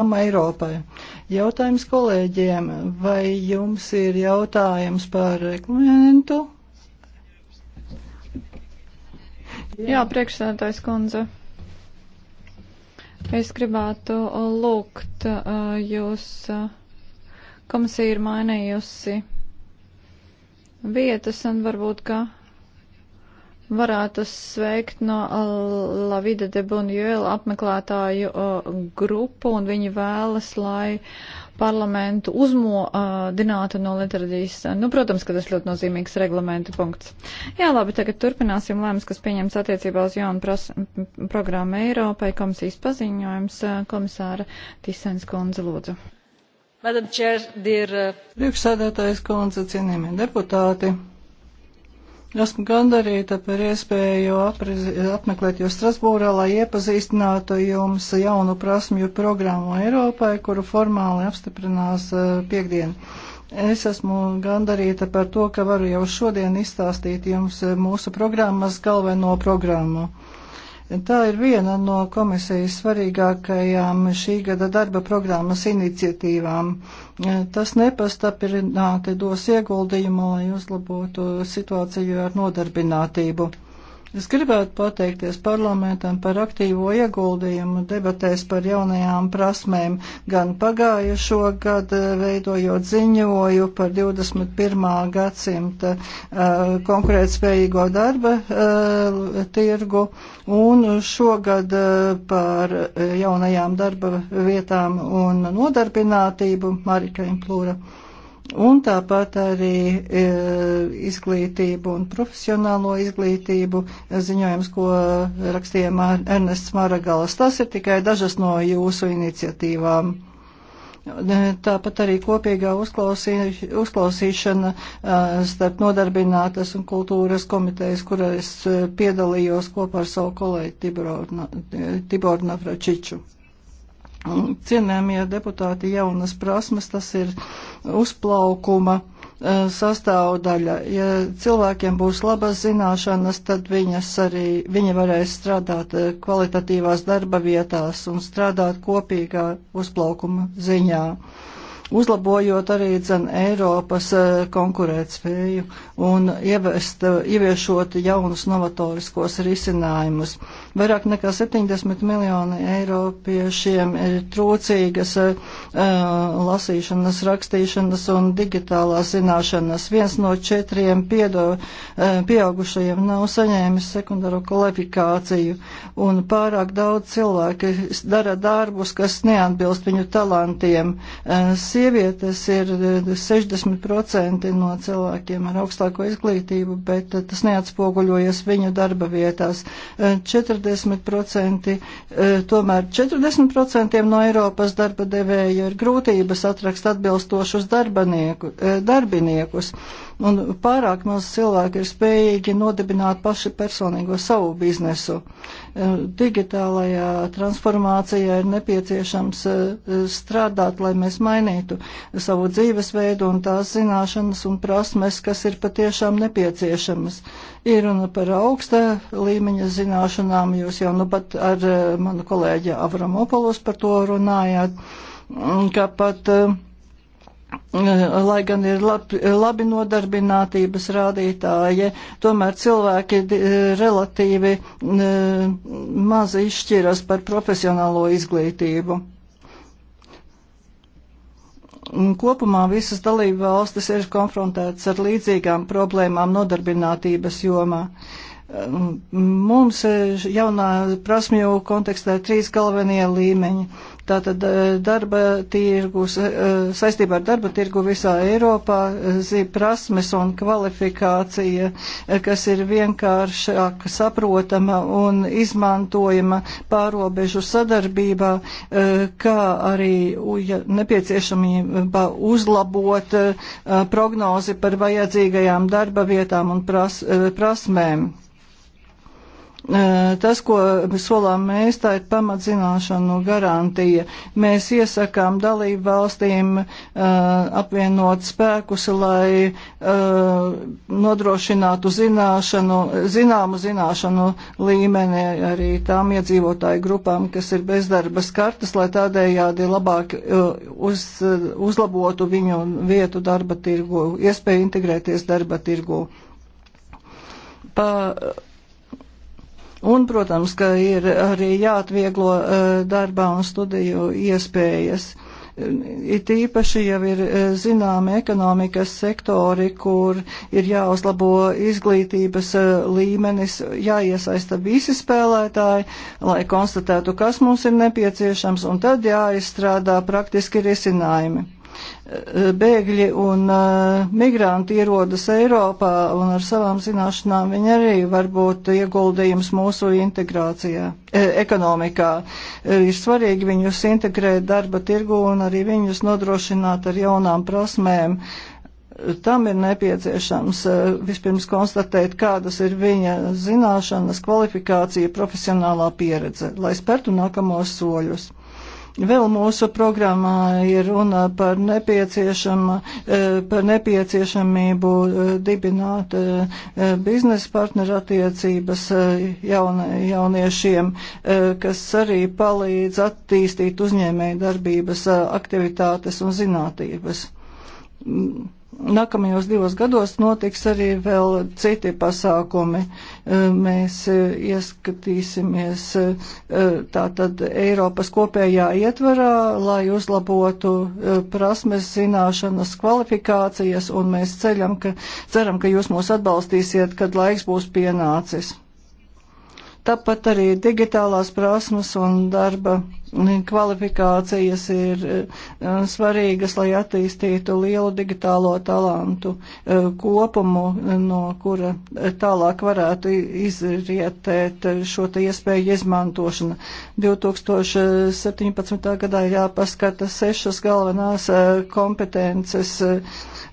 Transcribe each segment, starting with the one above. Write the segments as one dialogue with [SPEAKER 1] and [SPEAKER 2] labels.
[SPEAKER 1] Lama Eiropai. Jautājums kolēģiem, vai jums ir jautājums
[SPEAKER 2] par reglamentu? Jā, Jā priekšsēdētājs kundze. Es gribētu lūgt jūs, komisija ir mainījusi vietas un varbūt, ka varētu sveikt no eh, La Vida de Bunjuela apmeklētāju eh, grupu, un viņi vēlas, lai parlamentu uzmodinātu eh, no literatūras. Nu, protams, ka tas ļoti nozīmīgs reglamentu punkts. Jā, labi, tagad turpināsim lēmums, kas pieņems attiecībā uz jaunu pras, programmu Eiropai. Komisijas paziņojums komisāra Tisens Kundze lūdzu. Madam Chair, dear.
[SPEAKER 1] Priekšsēdētājs Kundze, cienījamie deputāti. Esmu gandarīta par iespēju apmeklēt jūs Strasbūrā, lai iepazīstinātu jums jaunu prasmju programmu Eiropai, kuru formāli apstiprinās eh, piekdien. Es esmu gandarīta par to, ka varu jau šodien izstāstīt jums eh, mūsu programmas galveno programmu. Tā ir viena no komisijas svarīgākajām šī gada darba programmas iniciatīvām. Tas nepastapirināti dos ieguldījumu, lai uzlabotu situāciju ar nodarbinātību. Es gribētu pateikties parlamentam par aktīvo ieguldījumu debatēs par jaunajām prasmēm gan pagājušo gadu, eh, veidojot ziņoju par 21. gadsimta eh, konkurētspējīgo darba eh, tirgu un šogad par jaunajām darba vietām un nodarbinātību Marika Implūra un tāpat arī e, izglītību un profesionālo izglītību e, ziņojums, ko rakstīja Ernests Maragalas. Tas ir tikai dažas no jūsu iniciatīvām. E, tāpat arī kopīgā uzklausī, uzklausīšana e, starp nodarbinātas un kultūras komitejas, kurā es piedalījos kopā ar savu kolēģi Tiboru Navračiču. Cienējamie deputāti, jaunas prasmes tas ir uzplaukuma e, sastāvdaļa. Ja cilvēkiem būs labas zināšanas, tad viņas arī, viņi varēs strādāt e, kvalitatīvās darba vietās un strādāt kopīgā uzplaukuma ziņā, uzlabojot arī dzen Eiropas e, konkurētspēju un ievest, ieviešot jaunus novatoriskos risinājumus. Vairāk nekā 70 miljoni eiropiešiem ir trūcīgas uh, lasīšanas, rakstīšanas un digitālās zināšanas. Viens no četriem piedo, uh, pieaugušajiem nav saņēmis sekundāro kvalifikāciju, un pārāk daudz cilvēki dara darbus, kas neatbilst viņu talantiem. Uh, sievietes ir 60% no cilvēkiem ar augstāko izglītību, bet tas neatspoguļojas viņu darba vietās. 40 40%, e, tomēr 40% no Eiropas darba devēja ir grūtības atrakst atbilstošus e, darbiniekus un pārāk maz cilvēki ir spējīgi nodibināt paši personīgo savu biznesu. E, digitālajā transformācijā ir nepieciešams e, strādāt, lai mēs mainītu savu dzīvesveidu un tās zināšanas un prasmes, kas ir patiešām nepieciešamas. Ir runa par augsta līmeņa zināšanām, jūs jau nu pat ar e, manu kolēģi Avramopolos par to runājāt, ka pat uh, Eh, lai gan ir labi, labi nodarbinātības rādītāji, tomēr cilvēki eh, relatīvi eh, maz izšķiras par profesionālo izglītību. Kopumā visas dalība valstis ir konfrontētas ar līdzīgām problēmām nodarbinātības jomā. Uh, Mums e, jaunā prasmju kontekstā ir trīs galvenie līmeņi. Tātad e, darba tirgus, e, saistībā ar darba tirgu visā Eiropā, zīm prasmes un kvalifikācija, kas ir vienkāršāk saprotama un izmantojama pārobežu sadarbībā, kā arī ja nepieciešamība uzlabot prognozi par vajadzīgajām darba vietām un pras, prasmēm. Tas, ko solām mēs, tā ir pamatzināšanu garantija. Mēs iesakām dalību valstīm apvienot spēkus, lai nodrošinātu zināšanu, zināmu zināšanu līmeni arī tām iedzīvotāju grupām, kas ir bezdarbas kartas, lai tādējādi labāk uz, uzlabotu viņu vietu darba tirgu, iespēju integrēties darba tirgu. Pa, Un, protams, ka ir arī jāatvieglo e, darbā un studiju iespējas. It īpaši jau ir e, zināmi ekonomikas sektori, kur ir jāuzlabo izglītības e, līmenis, jāiesaista visi spēlētāji, lai konstatētu, kas mums ir nepieciešams, un tad jāizstrādā praktiski risinājumi. Eh, bēgļi un eh, migranti ierodas Eiropā un ar savām zināšanām viņi arī var būt ieguldījums mūsu integrācijā, eh, ekonomikā. Ir svarīgi viņus integrēt darba tirgu un arī viņus nodrošināt ar jaunām prasmēm. Tam ir nepieciešams vispirms konstatēt, kādas ir viņa zināšanas, kvalifikācija, profesionālā pieredze, lai spērtu nākamos soļus. Vēl mūsu programmā ir runa par, eh, par nepieciešamību eh, dibināt eh, biznesa partneru attiecības jauna, jauniešiem, kas arī palīdz attīstīt uzņēmēju darbības aktivitātes un zinātības. Mm. Nākamajos divos gados notiks arī vēl citi pasākumi. E, mēs e, ieskatīsimies e, tātad Eiropas kopējā ietvarā, lai uzlabotu prasmes, zināšanas, kvalifikācijas, un mēs ceļam, ka, ceram, ka jūs mūs atbalstīsiet, kad laiks būs pienācis. Tāpat arī digitālās prasmes un darba kvalifikācijas ir e, svarīgas, lai attīstītu lielu digitālo talantu e, kopumu, e, no kura tālāk varētu izrietēt šo te iespēju izmantošanu. 2017. gadā jāpaskata sešas galvenās kompetences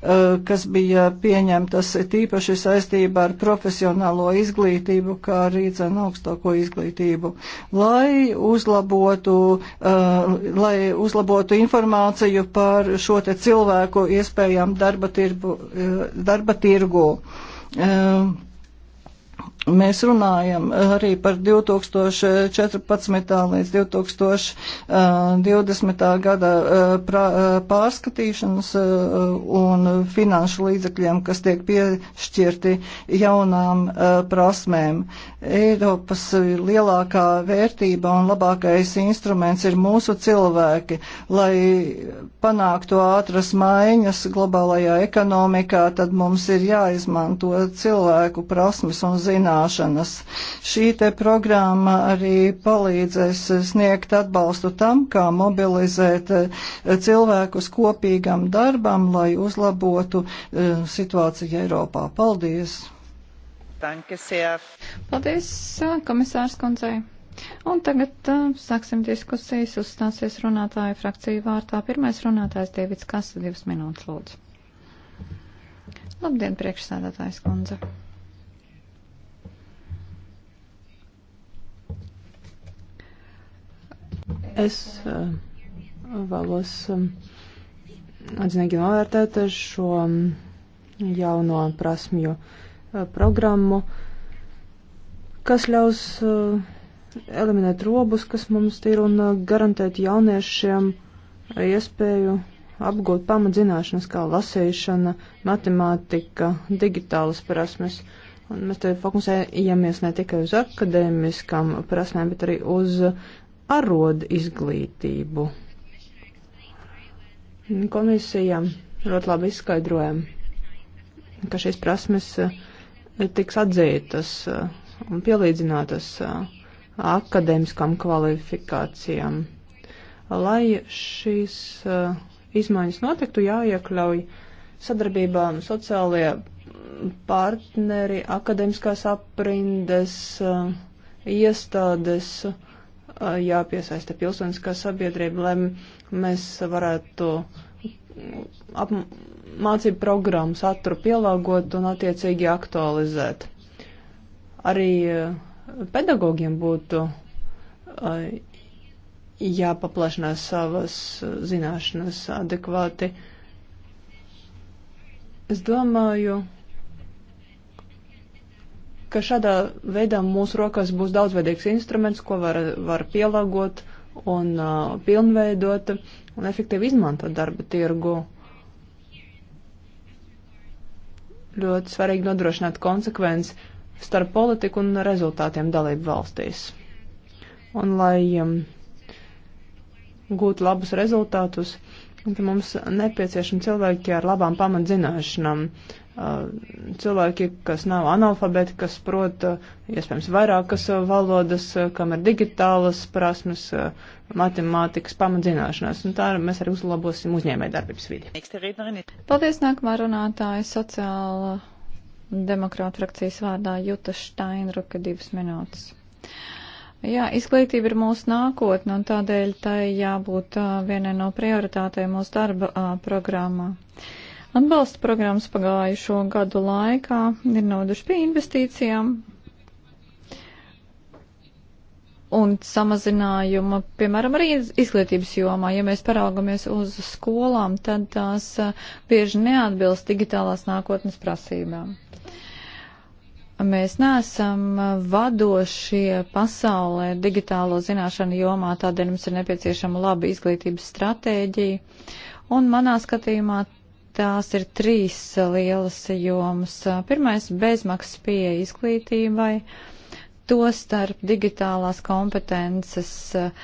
[SPEAKER 1] kas bija pieņemtas tīpaši saistībā ar profesionālo izglītību, kā arī dzen augstāko izglītību, lai uzlabotu Uh, lai uzlabotu informāciju par šo te cilvēku iespējām darba tirgu. Uh, darba tirgu. Uh, Mēs runājam arī par 2014. līdz 2020. gada eh, eh, pārskatīšanas eh, un finanšu līdzekļiem, kas tiek piešķirti jaunām prasmēm. Eiropas lielākā vērtība un labākais instruments ir mūsu cilvēki, lai panāktu ātras maiņas globālajā ekonomikā, tad mums ir jāizmanto cilvēku prasmes un zināšanas zināšanas. Šī te programma arī palīdzēs sniegt atbalstu tam, kā mobilizēt eh, cilvēkus kopīgam darbam, lai uzlabotu eh, situāciju Eiropā. Paldies!
[SPEAKER 2] Paldies, eh, komisārs kundzei! Un tagad uh, sāksim diskusijas. Uzstāsies runātāja frakcija vārtā. Pirmais runātājs Dievits Kasa, divas minūtes lūdzu. Labdien, priekšsēdētājs kundze. Es eh,
[SPEAKER 3] vēlos eh, atzinīgi novērtēt šo jauno prasmju eh, programmu, kas ļaus eliminēt robus, kas mums ir un garantēt jauniešiem iespēju apgūt pamatzināšanas kā lasīšana, matemātika, digitālas prasmes. Un mēs te fokusējamies ne tikai uz akadēmiskām prasmēm, bet arī uz arod izglītību. Komisija ļoti labi izskaidroja, ka šīs prasmes eh, tiks atzītas eh, un pielīdzinātas eh, akadēmiskām kvalifikācijām. Lai šīs izmaiņas notiktu, jāiekļauj sadarbībā sociālie partneri, akadēmiskās aprindes, iestādes, uh, jāpiesaista pilsoniskā sabiedrība, lai mēs varētu ap, mācību programmu saturu pielāgot un attiecīgi aktualizēt. Arī eh, pedagogiem būtu eh, jāpaplašinā savas zināšanas adekvāti. Es domāju, ka šādā veidā mūsu rokās būs daudzveidīgs instruments, ko var, var pielāgot un uh, pilnveidot un efektīvi izmantot darba tirgu. Ļoti svarīgi nodrošināt konsekvenci starp politiku un rezultātiem dalību valstīs. Un lai um, gūtu labus rezultātus, mums nepieciešami cilvēki ar labām pamatzināšanām. Uh, cilvēki, kas nav analfabēti, kas prot iespējams vairākas valodas, kam ir digitālas prasmes, matemātikas pamatzināšanās. Un tā mēs arī uzlabosim uzņēmēju darbības
[SPEAKER 2] vidi. Paldies nākamā runātāja sociāla demokrāta frakcijas vārdā Juta Steinruka divas minūtes. Jā, izglītība ir mūsu nākotne, un tādēļ tai jābūt vienai no prioritātēm mūsu darba programmā. Uh, Atbalsta programmas pagājušo gadu laikā ir noduši pie investīcijām un samazinājuma, piemēram, arī izglītības jomā. Ja mēs paraugamies uz skolām, tad tās eh, bieži neatbilst digitālās nākotnes prasībām mēs neesam eh, vadošie pasaulē digitālo zināšanu jomā, tādēļ mums ir nepieciešama laba izglītības stratēģija. Un manā skatījumā Tās ir trīs uh, lielas jomas. Uh, pirmais - bezmaksas pieeja izglītībai, to starp digitālās kompetences uh,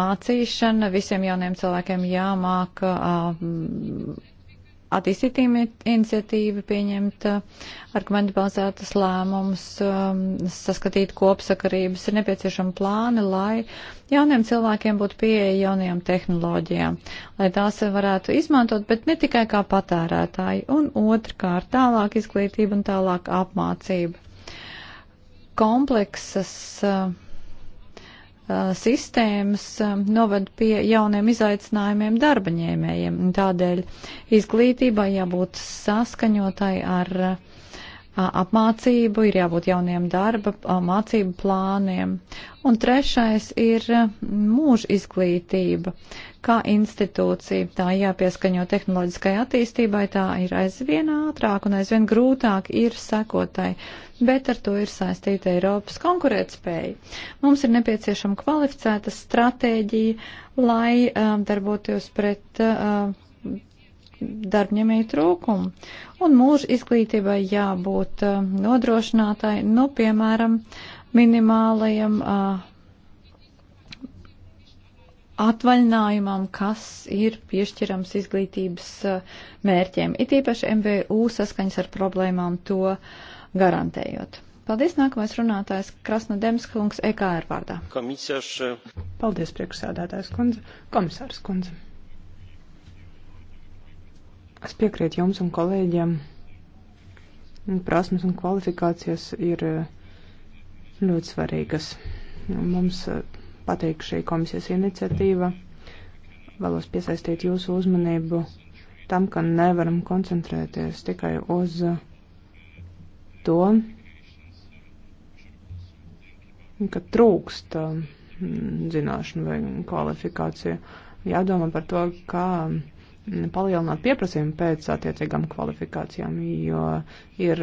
[SPEAKER 2] mācīšana. Visiem jauniem cilvēkiem jāmāk attīstīt iniciatīvu, pieņemt uh, argumentu balzētas lēmumus, um, saskatīt kopsakarības, ir nepieciešami plāni, lai jauniem cilvēkiem būtu pieeja jaunajām tehnoloģijām, lai tās varētu izmantot, bet ne tikai kā patērētāji, un otrkārt tālāk izglītība un tālāk apmācība. Kompleksas uh, sistēmas noved pie jauniem izaicinājumiem darbaņēmējiem. Tādēļ izglītībai jābūt saskaņotai ar apmācību, ir jābūt jauniem darba mācību plāniem. Un trešais ir mūža izglītība. Uh, kā institūcija. Tā jāpieskaņo tehnoloģiskai attīstībai, tā ir aizvien ātrāk un aizvien grūtāk ir sekotai, bet ar to ir saistīta Eiropas konkurētspēja. Mums ir nepieciešama kvalificēta stratēģija, lai um, darbotos pret. Uh, darbņemēju trūkumu. Un mūža izglītībai jābūt uh, nodrošinātai, nu, piemēram, minimālajam uh, atvaļinājumam, kas ir piešķirams izglītības eh, mērķiem, it īpaši MVU saskaņas ar problēmām to garantējot. Paldies, nākamais runātājs Krasna Demskungs, EKR vārdā.
[SPEAKER 1] Komisārs. Eh,
[SPEAKER 2] Paldies, priekšsēdētājs kundze, komisārs kundze.
[SPEAKER 3] Es piekrītu jums un kolēģiem. Prasmes un kvalifikācijas ir eh, ļoti svarīgas. Mums patīk šī komisijas iniciatīva. Vēlos piesaistīt jūsu uzmanību tam, ka nevaram koncentrēties tikai uz to, ka trūkst mm, zināšanu vai kvalifikāciju. Jādomā par to, kā palielināt pieprasījumu pēc attiecīgām kvalifikācijām, jo ir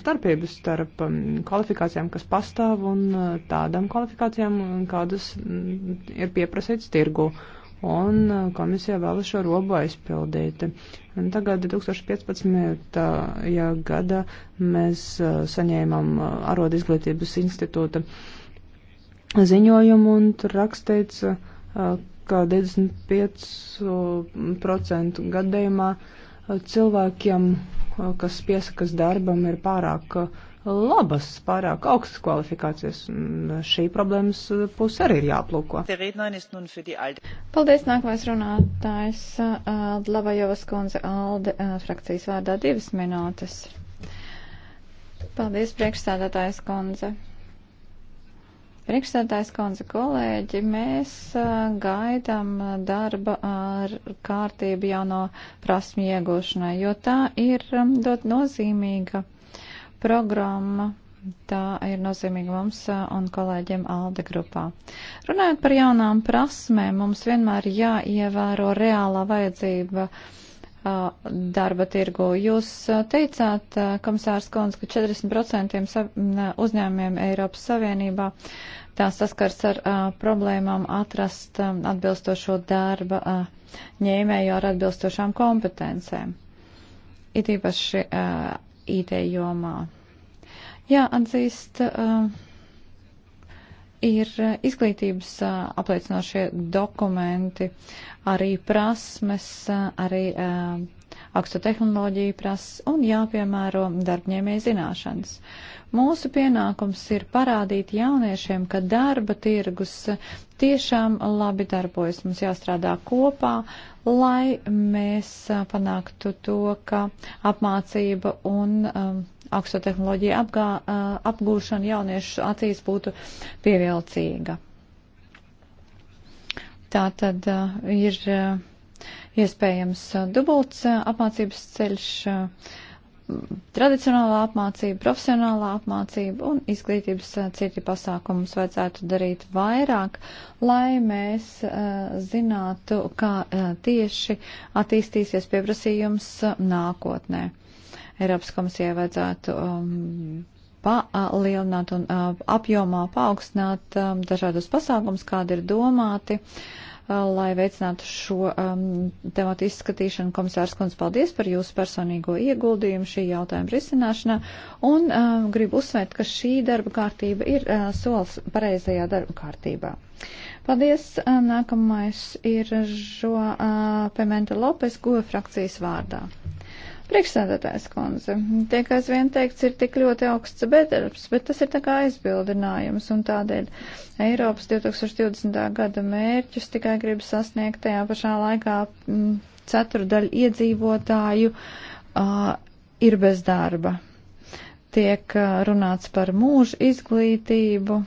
[SPEAKER 3] starpības starp um, kvalifikācijām, kas pastāv, un uh, tādām kvalifikācijām, kādas mm, ir pieprasītas tirgu. Un uh, komisija vēlas šo robu aizpildīt. Un tagad 2015. gada mēs uh, saņēmām Arodu izglītības institūta ziņojumu, un tur rakstīts, ka 25% gadījumā cilvēkiem, kas piesakas darbam, ir pārāk labas, pārāk augstas kvalifikācijas. Šī problēmas puse arī ir jāplūko.
[SPEAKER 2] Paldies, nākamais runātājs Labajovas kundze Alde eh, frakcijas vārdā divas minūtes. Paldies, priekšstādātājs kundze. Priekšstādājs konza kolēģi, mēs gaidām darba ar kārtību jauno prasmu iegūšanai, jo tā ir dot nozīmīga programma. Tā ir nozīmīga mums un kolēģiem ALDE grupā. Runājot par jaunām prasmēm, mums vienmēr jāievēro reālā vajadzība uh, darba tirgu. Jūs teicāt, komisārs Kons, ka 40% uzņēmumiem Eiropas Savienībā tā saskars ar problēmām atrast atbilstošo darba ņēmēju ar atbilstošām kompetencēm. It īpaši IT jomā. Jā, atzīst. Uh, ir eh, izglītības eh, apliecinošie dokumenti, arī prasmes, eh, arī augsto tehnoloģiju prasmes un jāpiemēro darbņēmēji zināšanas. Mūsu pienākums ir parādīt jauniešiem, ka darba tirgus tiešām labi darbojas. Mums jāstrādā kopā, lai mēs panāktu to, ka apmācība un um, augsto tehnoloģiju apgā, apgūšana jauniešu acīs būtu pievilcīga. Tā tad ir iespējams dubults apmācības ceļš, tradicionālā apmācība, profesionālā apmācība un izglītības citi pasākumus vajadzētu darīt vairāk, lai mēs zinātu, kā tieši attīstīsies pieprasījums nākotnē. Eiropas komisijai vajadzētu um, palielināt un uh, apjomā paaugstināt um, dažādus pasākums, kādi ir domāti, uh, lai veicinātu šo um, tematu izskatīšanu. Komisārs Kunds, paldies par jūsu personīgo ieguldījumu šī jautājuma risināšanā un um, gribu uzsvērt, ka šī darba kārtība ir uh, solis pareizajā darba kārtībā. Paldies. Uh, nākamais ir Žo uh, Pementa Lopes, Goja frakcijas vārdā. Priekšsēdētājs kundze, tiek aizvien teikts, ir tik ļoti augsts bedarbs, bet tas ir tā kā aizbildinājums un tādēļ Eiropas 2020. gada mērķus tikai grib sasniegt tajā pašā laikā m, mm, ceturdaļu iedzīvotāju uh, ir bez darba. Tiek runāts par mūža izglītību,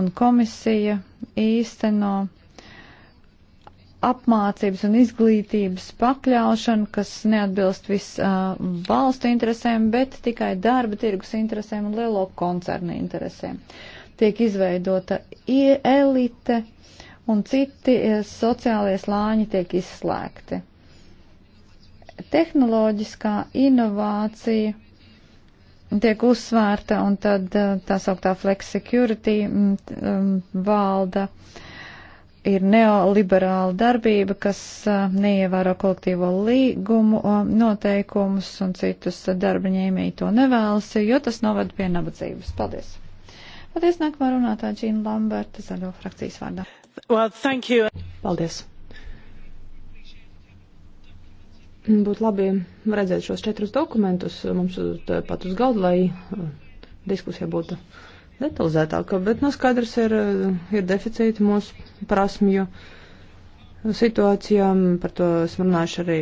[SPEAKER 2] un komisija īsteno apmācības un izglītības pakļaušanu, kas neatbilst vis uh, valstu interesēm, bet tikai darba tirgus interesēm un lielo koncernu interesēm. Tiek izveidota elite un citi sociālie slāņi tiek izslēgti. Tehnoloģiskā inovācija tiek uzsvērta un tad tā sauktā flex security valda. Uh, ir neoliberāla darbība, kas neievēro kolektīvo līgumu noteikumus un citus darba ņēmēji to nevēlas, jo tas novada pie nabadzības. Paldies! Paldies, nākamā runātāja Džīna Lamberta, zaļo frakcijas vārdā.
[SPEAKER 1] Well, thank you.
[SPEAKER 2] Paldies!
[SPEAKER 3] Būtu labi redzēt šos četrus dokumentus mums pat uz galda, lai diskusija būtu. Uh, detalizētāka, bet no nu, skaidrs ir, eh, ir deficīti mūsu prasmju situācijām. Par to esmu runājuši arī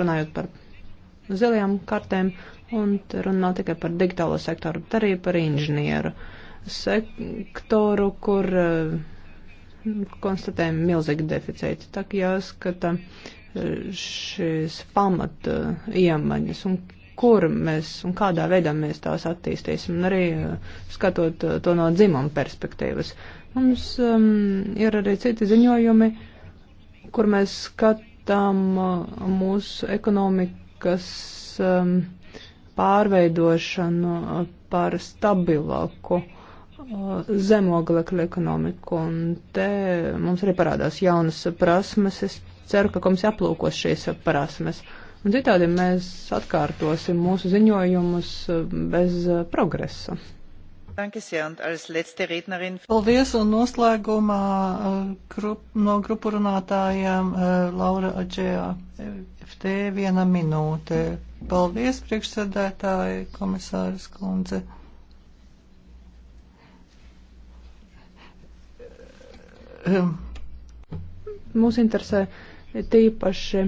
[SPEAKER 3] runājot par zilajām kartēm, un runa nav tikai par digitālo sektoru, bet arī par inženieru sektoru, kur eh, konstatējam milzīgi deficīti. Tā kā jāskata eh, šīs pamata iemaņas un kur mēs un kādā veidā mēs tās attīstīsim, un arī uh, skatot uh, to no dzimuma perspektīvas. Mums um, ir arī citi ziņojumi, kur mēs skatām uh, mūsu ekonomikas um, pārveidošanu uh, par stabilāku uh, zemoglekļu ekonomiku, un te mums arī parādās jaunas prasmes. Es ceru, ka komisija aplūkos šīs prasmes. Uh, Un citādi mēs atkārtosim mūsu
[SPEAKER 1] ziņojumus eh, bez eh, progresa. Paldies un noslēgumā eh, grup, no grupu runātājiem Laura Aģējā FT viena minūte. Paldies priekšsēdētāji, komisāris kundze. Ehm. Mūs interesē
[SPEAKER 3] tīpaši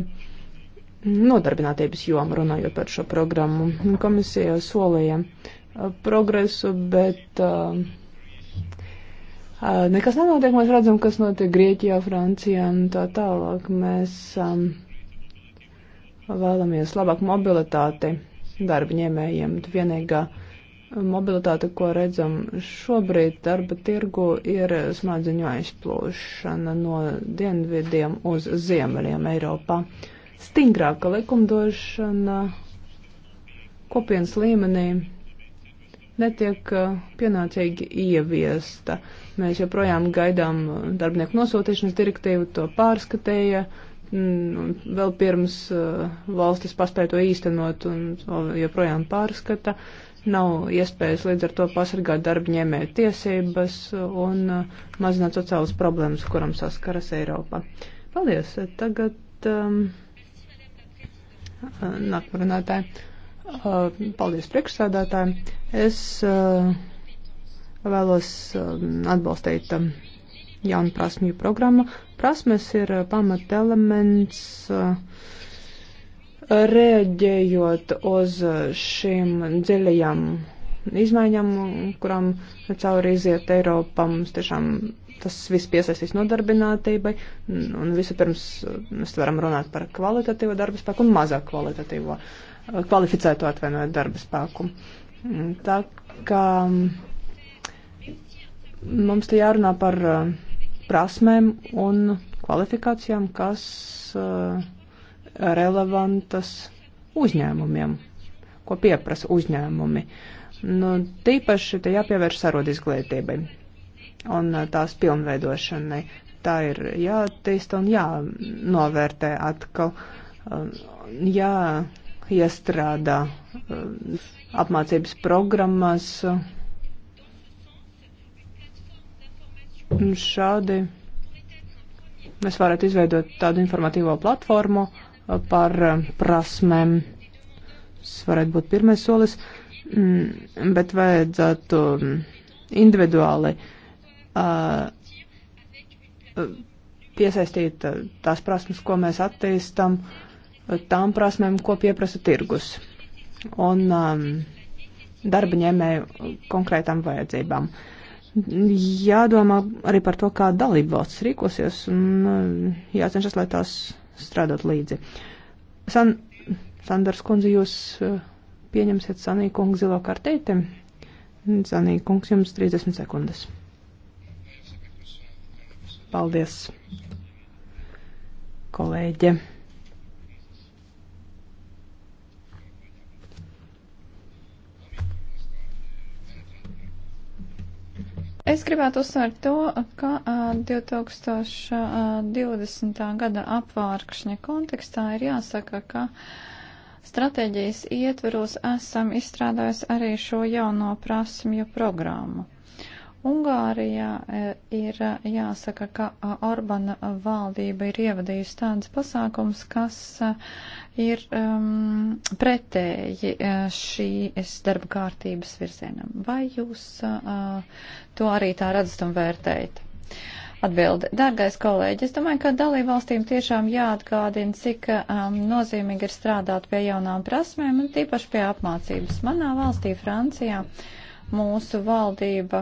[SPEAKER 3] nodarbinātības jomu, runājot par šo programmu. Komisija solīja uh, progresu, bet uh, uh, nekas nenotiek. Mēs redzam, kas notiek Grieķijā, Francijā un tā tālāk. Mēs um, vēlamies labāku mobilitāti darba ņēmējiem. Vienīgā mobilitāte, ko redzam šobrīd darba tirgu, ir smadziņu aizplūšana no dienvidiem uz ziemeļiem Eiropā. Uh, stingrāka likumdošana kopienas līmenī netiek uh, pienācīgi ieviesta. Mēs joprojām gaidām uh, darbinieku nosūtīšanas direktīvu, to pārskatīja, mm, vēl pirms uh, valstis paspēja to īstenot un joprojām pārskata. Nav iespējas līdz ar to pasargāt darbņēmēju tiesības un mazināt sociālas problēmas, kuram saskaras Eiropā. Paldies! Tagad. Um, nākamrunātāji. Uh, paldies priekšsādātāji. Es uh, vēlos um, atbalstīt um, jaunu prasmju programmu. Prasmes ir uh, pamata elements reaģējot uz šīm dziļajām izmaiņām, kurām cauri iziet Eiropā. Mums tiešām tas viss piesaistīs nodarbinātībai, un vispirms mēs varam runāt par kvalitatīvo darba spēku un mazāk kvalitatīvo, kvalificēto atvainojot darba spēku. Tā kā mums te jārunā par eh, prasmēm un kvalifikācijām, kas eh, relevantas uzņēmumiem, ko pieprasa uzņēmumi. Uh, Nu, tīpaši te jāpievērš sarod izglītībai un uh, tās pilnveidošanai. Tā ir jātīsta un jānovērtē atkal, um, jāiestrādā um, apmācības programmas. Un šādi mēs varētu izveidot tādu informatīvo platformu uh, par uh, prasmēm. Tas varētu būt pirmais solis. Uh, Mm, bet vajadzētu individuāli uh, piesaistīt tās prasmes, ko mēs attīstam, tām prasmēm, ko pieprasa tirgus un um, darba ņēmēju konkrētām vajadzībām. Jādomā arī par to, kā dalība valsts rīkosies un jācenšas, lai tās strādāt līdzi. San, Sanders kundze, jūs. Uh, pieņemsiet Sanīkungu zilo kartīti. Sanīkungs, jums 30 sekundes. Paldies, kolēģe.
[SPEAKER 2] Es gribētu uzsvērt to, ka 2020. gada apvārkšņa kontekstā ir jāsaka, ka Stratēģijas ietveros esam izstrādājis arī šo jauno prasmju programmu. Ungārijā e, ir e, jāsaka, ka e, Orbana valdība ir ievadījusi tādas pasākums, kas ir um, pretēji šīs darba kārtības virzienam. Vai jūs uh, to arī tā redzat un vērtējat? Uh, Atbildi. Dārgais kolēģi, es domāju, ka dalībvalstīm tiešām jāatgādina, cik um, nozīmīgi ir strādāt pie jaunām prasmēm un tīpaši pie apmācības. Manā valstī, Francijā, mūsu valdība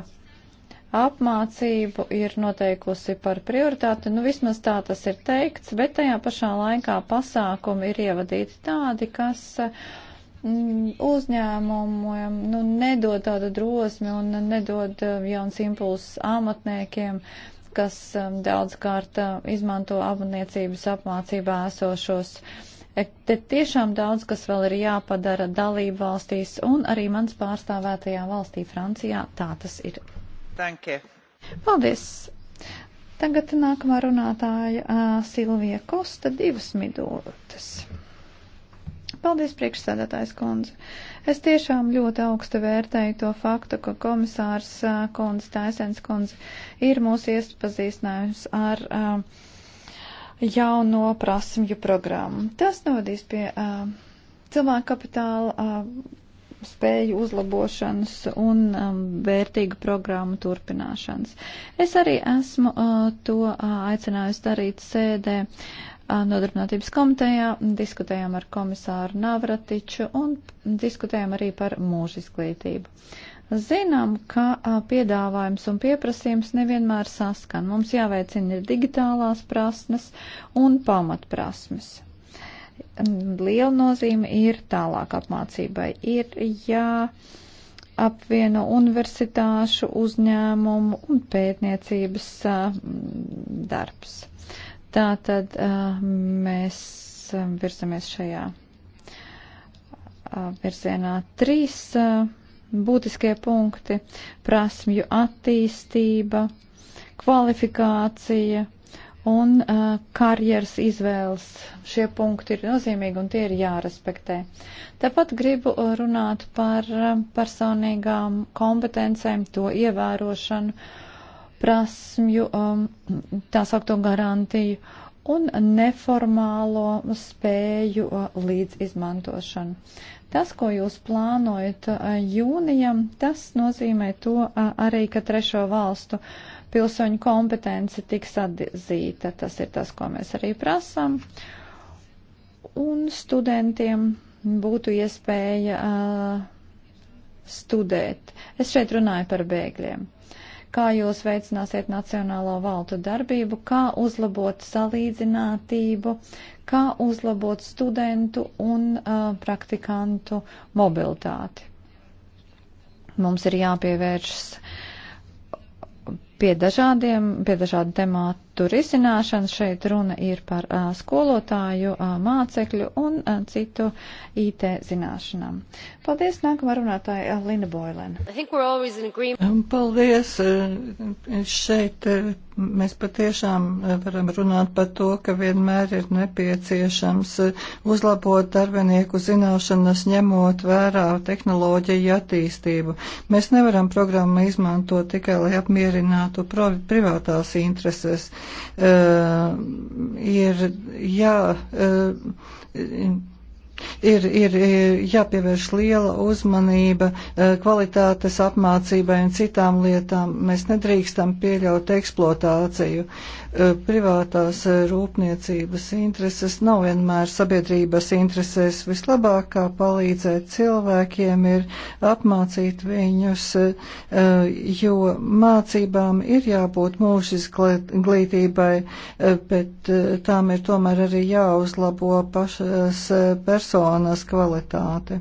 [SPEAKER 2] apmācību ir noteikusi par prioritāti, nu vismaz tā tas ir teikts, bet tajā pašā laikā pasākumi ir ievadīti tādi, kas mm, uzņēmumiem nu, nedod tādu drosmi un nedod uh, jauns impulsus amatniekiem. Uh, kas um, daudzkārt uh, izmanto abuniecības apmācībā esošos. E, te tiešām daudz, kas vēl ir jāpadara dalību valstīs un arī mans pārstāvētajā valstī Francijā, tā tas ir. Danke. Paldies! Tagad nākamā runātāja uh, Silvija Kosta divas minūtes. Paldies, priekšsēdētājs kundze. Es tiešām ļoti augstu vērtēju to faktu, ka komisārs kundze, Taisens kundze, ir mūs iepazīstinājums ar uh, jauno prasmju programmu. Tas novadīs pie uh, cilvēku kapitāla uh, spēju uzlabošanas un um, vērtīgu programmu turpināšanas. Es arī esmu uh, to uh, aicinājusi darīt sēdē nodarbinātības komitejā, diskutējām ar komisāru Navratiču un diskutējām arī par mūža izglītību. Zinām, ka piedāvājums un pieprasījums nevienmēr saskan. Mums jāveicina ir digitālās prasmes un pamatprasmes. Liela nozīme ir tālāk apmācībai. Ir jā. Ja apvieno universitāšu uzņēmumu un pētniecības darbs. Tā tad uh, mēs virzamies šajā uh, virzienā trīs uh, būtiskie punkti - prasmju attīstība, kvalifikācija un uh, karjeras izvēles. Šie punkti ir nozīmīgi un tie ir jārespektē. Tāpat gribu runāt par personīgām kompetencēm, to ievērošanu prasmju, um, tā saukto garantiju un neformālo spēju uh, līdz izmantošanu. Tas, ko jūs plānojat uh, jūnijam, tas nozīmē to uh, arī, ka trešo valstu pilsoņu kompetence tiks atzīta. Tas ir tas, ko mēs arī prasām. Un studentiem būtu iespēja uh, studēt. Es šeit runāju par bēgļiem kā jūs veicināsiet nacionālo valdu darbību, kā uzlabot salīdzinātību, kā uzlabot studentu un uh, praktikantu mobilitāti. Mums ir jāpievēršas pie dažādiem, pie dažādu temātu konfliktu risināšanu. Šeit runa ir par a, skolotāju, a, mācekļu un a, citu IT zināšanām. Paldies, nākamā runātāja Lina Boilena. Um, paldies.
[SPEAKER 1] Šeit mēs patiešām varam runāt par to, ka vienmēr ir nepieciešams uzlabot darbinieku zināšanas, ņemot vērā tehnoloģiju attīstību. Mēs nevaram programmu izmantot tikai, lai apmierinātu privātās intereses. Uh, ir jā. Ja, uh, Ir, ir, ir jāpievērš liela uzmanība eh, kvalitātes apmācībai un citām lietām. Mēs nedrīkstam pieļaut eksploatāciju. Eh, privātās eh, rūpniecības intereses nav vienmēr sabiedrības interesēs. Vislabākā palīdzēt cilvēkiem ir apmācīt viņus, jo mācībām ir jābūt mūžas glītībai, bet tām ir tomēr arī jāuzlabo pašas personas personas kvalitāti.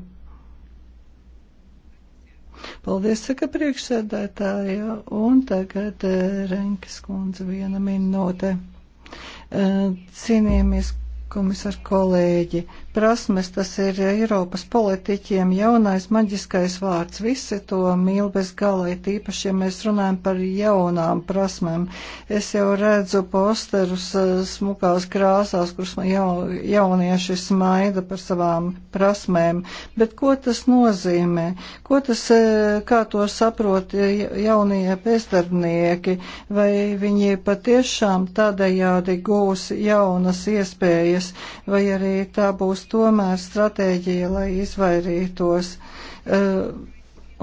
[SPEAKER 1] Paldies, saka priekšsēdētāja, un tagad eh, Renkas kundze viena minūte. Eh, cienījamies komisāri kolēģi, prasmes, tas ir Eiropas politiķiem jaunais maģiskais vārds. Visi to mīl bez galai, tīpaši, ja mēs runājam par jaunām prasmēm. Es jau redzu posterus eh, smukās krāsās, kurus jau, jaunieši smaida par savām prasmēm. Bet ko tas nozīmē? Ko tas, eh, kā to saprot jaunie bezdarbnieki? Vai viņi patiešām tādējādi gūs jaunas iespējas, vai arī tā būs būs tomēr stratēģija, lai izvairītos. Eh,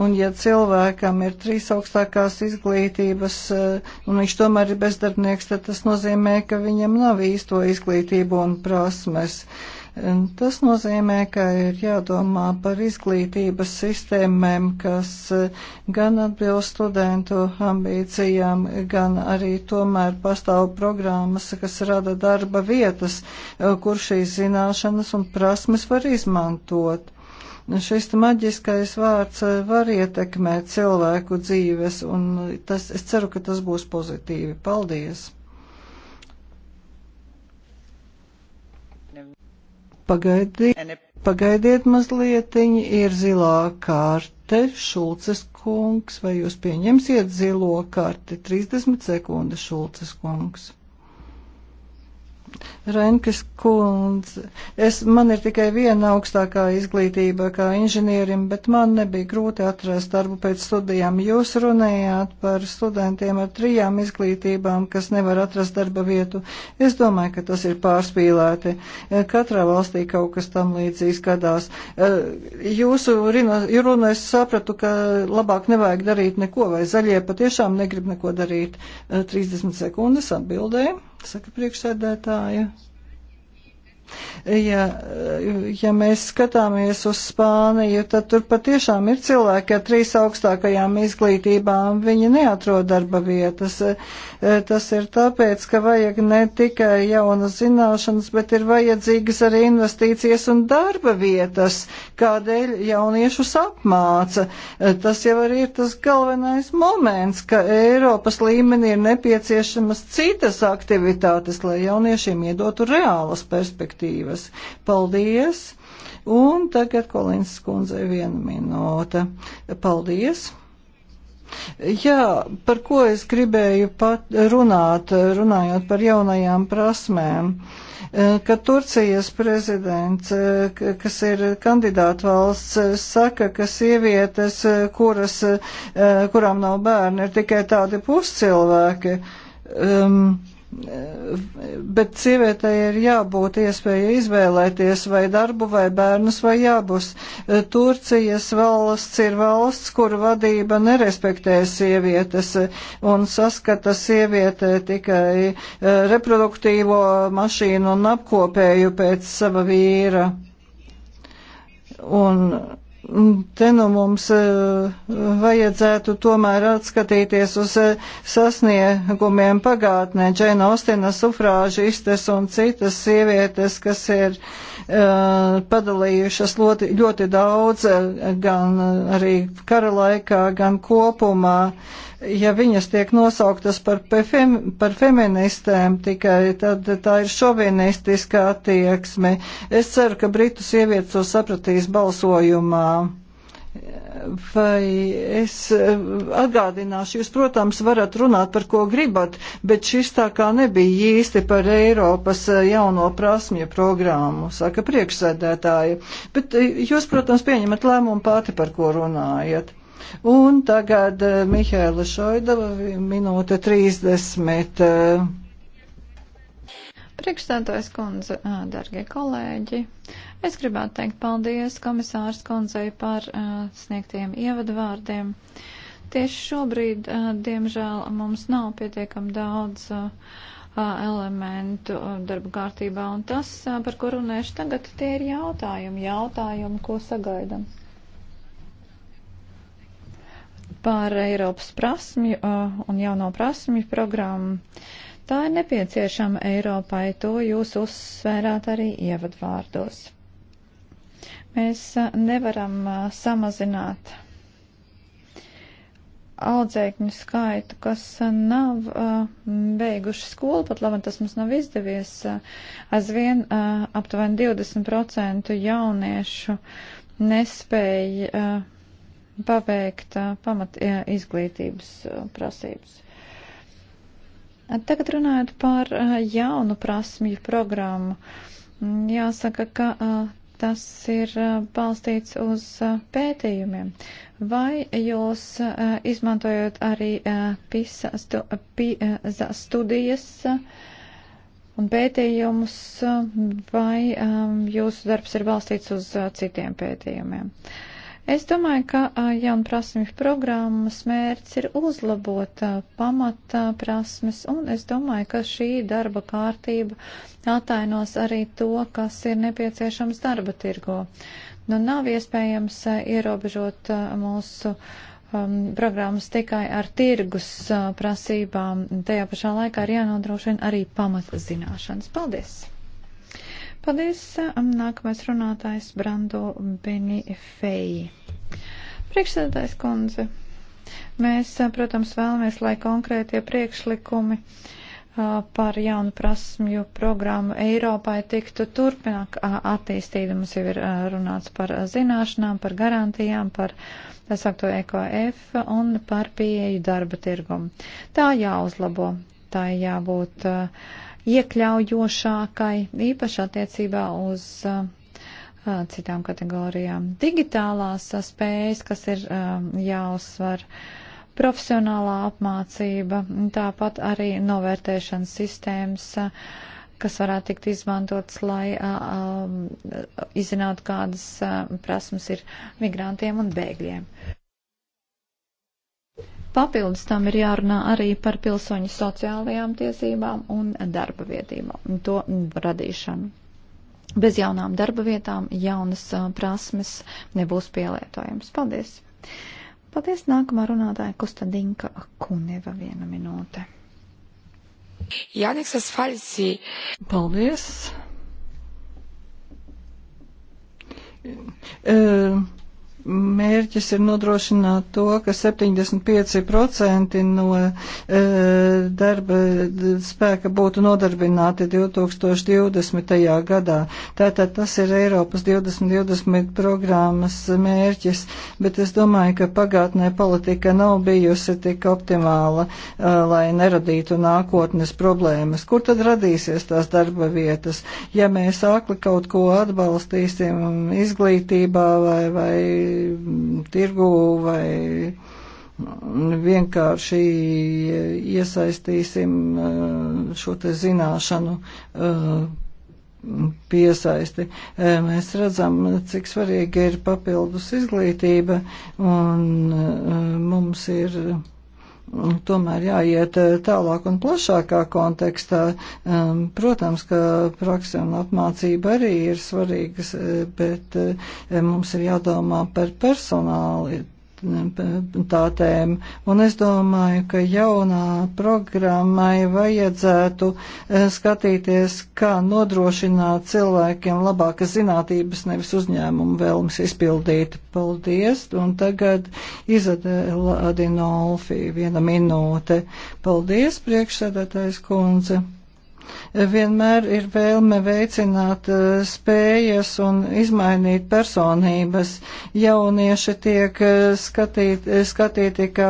[SPEAKER 1] un ja cilvēkam ir trīs augstākās izglītības, eh, un viņš tomēr ir bezdarbnieks, tad tas nozīmē, ka viņam nav īsto izglītību un prasmes. Uh, Tas nozīmē, ka ir jādomā par izglītības sistēmēm, kas gan atbilst studentu ambīcijām, gan arī tomēr pastāv programmas, kas rada darba vietas, kur šīs zināšanas un prasmes var izmantot šis maģiskais vārds var ietekmēt cilvēku dzīves, un tas, es ceru, ka tas būs pozitīvi. Paldies! Pagaidiet, pagaidiet mazlietiņi, ir zilā kārte, Šulces kungs, vai jūs pieņemsiet zilo kārti? 30 sekundes, Šulces kungs. Renkis kundze, es, man ir tikai viena augstākā izglītība kā inženierim, bet man nebija grūti atrast darbu pēc studijām. Jūs runējāt par studentiem ar trijām izglītībām, kas nevar atrast darba vietu. Es domāju, ka tas ir pārspīlēti. E, katrā valstī kaut kas tam līdzīgs gadās. E, jūsu runu es sapratu, ka labāk nevajag darīt neko, vai zaļie patiešām negrib neko darīt. 30 e, sekundes atbildēju saka priekšsēdētāja. Ja, ja mēs skatāmies uz Spāniju, tad tur patiešām ir cilvēki ar trīs augstākajām izglītībām, viņi neatrod darba vietas. Tas ir tāpēc, ka vajag ne tikai jaunas zināšanas, bet ir vajadzīgas arī investīcijas un darba vietas, kādēļ jauniešus apmāca. Tas jau arī ir tas galvenais moments, ka Eiropas līmenī ir nepieciešamas citas aktivitātes, lai jauniešiem iedotu reālas perspektīvas direktīvas. Paldies! Un tagad Kolins skundzei viena minūte. Paldies! Jā, par ko es gribēju pat runāt, runājot par jaunajām prasmēm, ka Turcijas prezidents, kas ir kandidāta valsts, saka, ka sievietes, kuras, kurām nav bērni, ir tikai tādi puscilvēki. Um, bet sievietei ir jābūt iespēja izvēlēties vai darbu, vai bērnus, vai jābus. Turcijas valsts ir valsts, kur vadība nerespektē sievietes un saskata sieviete tikai eh, reproduktīvo mašīnu un apkopēju pēc sava vīra. Un Mm, te nu mums e, vajadzētu tomēr atskatīties uz e, sasniegumiem pagātnē. Džēna Ostina sufrāžistes un citas sievietes, kas ir e, padalījušas ļoti, ļoti daudz gan arī kara laikā, gan kopumā ja viņas tiek nosauktas par, fem, par feministēm tikai, tad tā ir šovinistiska attieksme. Es ceru, ka Britu sievietes to sapratīs balsojumā. Vai es eh, atgādināšu, jūs, protams, varat runāt par ko gribat, bet šis tā kā nebija īsti par Eiropas eh, jauno prasmju programmu, saka priekšsēdētāji. Bet eh, jūs, protams, pieņemat lēmumu pati, par ko runājat. Un tagad eh, Mihēla Šoidava minūte 30.
[SPEAKER 2] Priekšstādājas kundze, dargie kolēģi, es gribētu teikt paldies komisārs kundzei par sniegtiem ievadvārdiem. Tieši šobrīd, diemžēl, mums nav pietiekam daudz elementu darba kārtībā, un tas, par ko runāšu tagad, tie ir jautājumi, jautājumi, ko sagaidam par Eiropas prasmju un jauno prasmju programmu. Tā ir nepieciešama Eiropai, to jūs uzsvērāt arī ievadvārdos. Mēs nevaram samazināt audzēkņu skaitu, kas nav uh, beiguši skolu, pat labi tas mums nav izdevies. Aizvien uh, aptuveni 20% jauniešu nespēja uh, paveikt pamat izglītības prasības. Tagad runājot par jaunu prasmju programmu, mm, jāsaka, ka tas ir balstīts uz pētījumiem. Vai jūs izmantojot arī PISA stu, PISA studijas un pētījumus, vai jūsu darbs ir balstīts uz citiem pētījumiem? Uh, Es domāju, ka jaunu prasmju programmas mērķis ir uzlabot pamata prasmes, un es domāju, ka šī darba kārtība atainos arī to, kas ir nepieciešams darba tirgo. Nu, nav iespējams ierobežot mūsu um, programmas tikai ar tirgus uh, prasībām. Tajā pašā laikā ir jānodrošina arī pamatzināšanas. Paldies! Paldies. Nākamais runātājs Brando Benifei. Priekšsēdētājs kundze. Mēs, protams, vēlamies, lai konkrētie priekšlikumi par jaunu prasmju programmu Eiropai tiktu turpināk attīstīt. Mums jau ir runāts par zināšanām, par garantijām, par tā sakto EKF un par pieeju darba tirgumu. Tā jāuzlabo, tā jābūt. Uh, iekļaujošākai, īpaši attiecībā uz uh, uh, citām kategorijām. Digitālās uh, spējas, kas ir jāuzsver, profesionālā apmācība, tāpat arī novērtēšanas sistēmas, kas varētu tikt izmantotas, lai izzinātu, kādas prasmes ir migrantiem un bēgļiem. Papildus tam ir jārunā arī par pilsoņu sociālajām tiesībām un darba vietībām, un to radīšanu. Bez jaunām darba vietām jaunas prasmes nebūs pielietojams. Paldies! Paldies! Nākamā runātāja Kostadinka Kuneva viena minūte. Jāniks Asfalsi. Paldies!
[SPEAKER 1] Uh. E Mērķis ir nodrošināt to, ka 75% no e, darba spēka būtu nodarbināti 2020. gadā. Tātad tas ir Eiropas 2020 programmas mērķis, bet es domāju, ka pagātnē politika nav bijusi tik optimāla, e, lai neradītu nākotnes problēmas. Kur tad radīsies tās darba vietas? Ja mēs ākli kaut ko atbalstīsim izglītībā vai, vai tirgu vai vienkārši iesaistīsim eh, šo te zināšanu eh, piesaisti. Eh, mēs redzam, cik svarīga ir papildus izglītība un mums ir tomēr jāiet eh, tālāk un plašākā kontekstā. Ehm, protams, ka praksa un apmācība arī ir svarīgas, eh, bet eh, mums ir jādomā par personāli prioritātēm. Un es domāju, ka jaunā programmai vajadzētu eh, skatīties, kā nodrošināt cilvēkiem labākas zinātības, nevis uzņēmumu vēlmes izpildīt. Paldies! Un tagad Izadēla Adinolfi, viena minūte. Paldies, priekšsēdētājs kundze! Vienmēr ir vēlme veicināt e, spējas un izmainīt personības. Jaunieši tiek e, skatīt, e, skatīti kā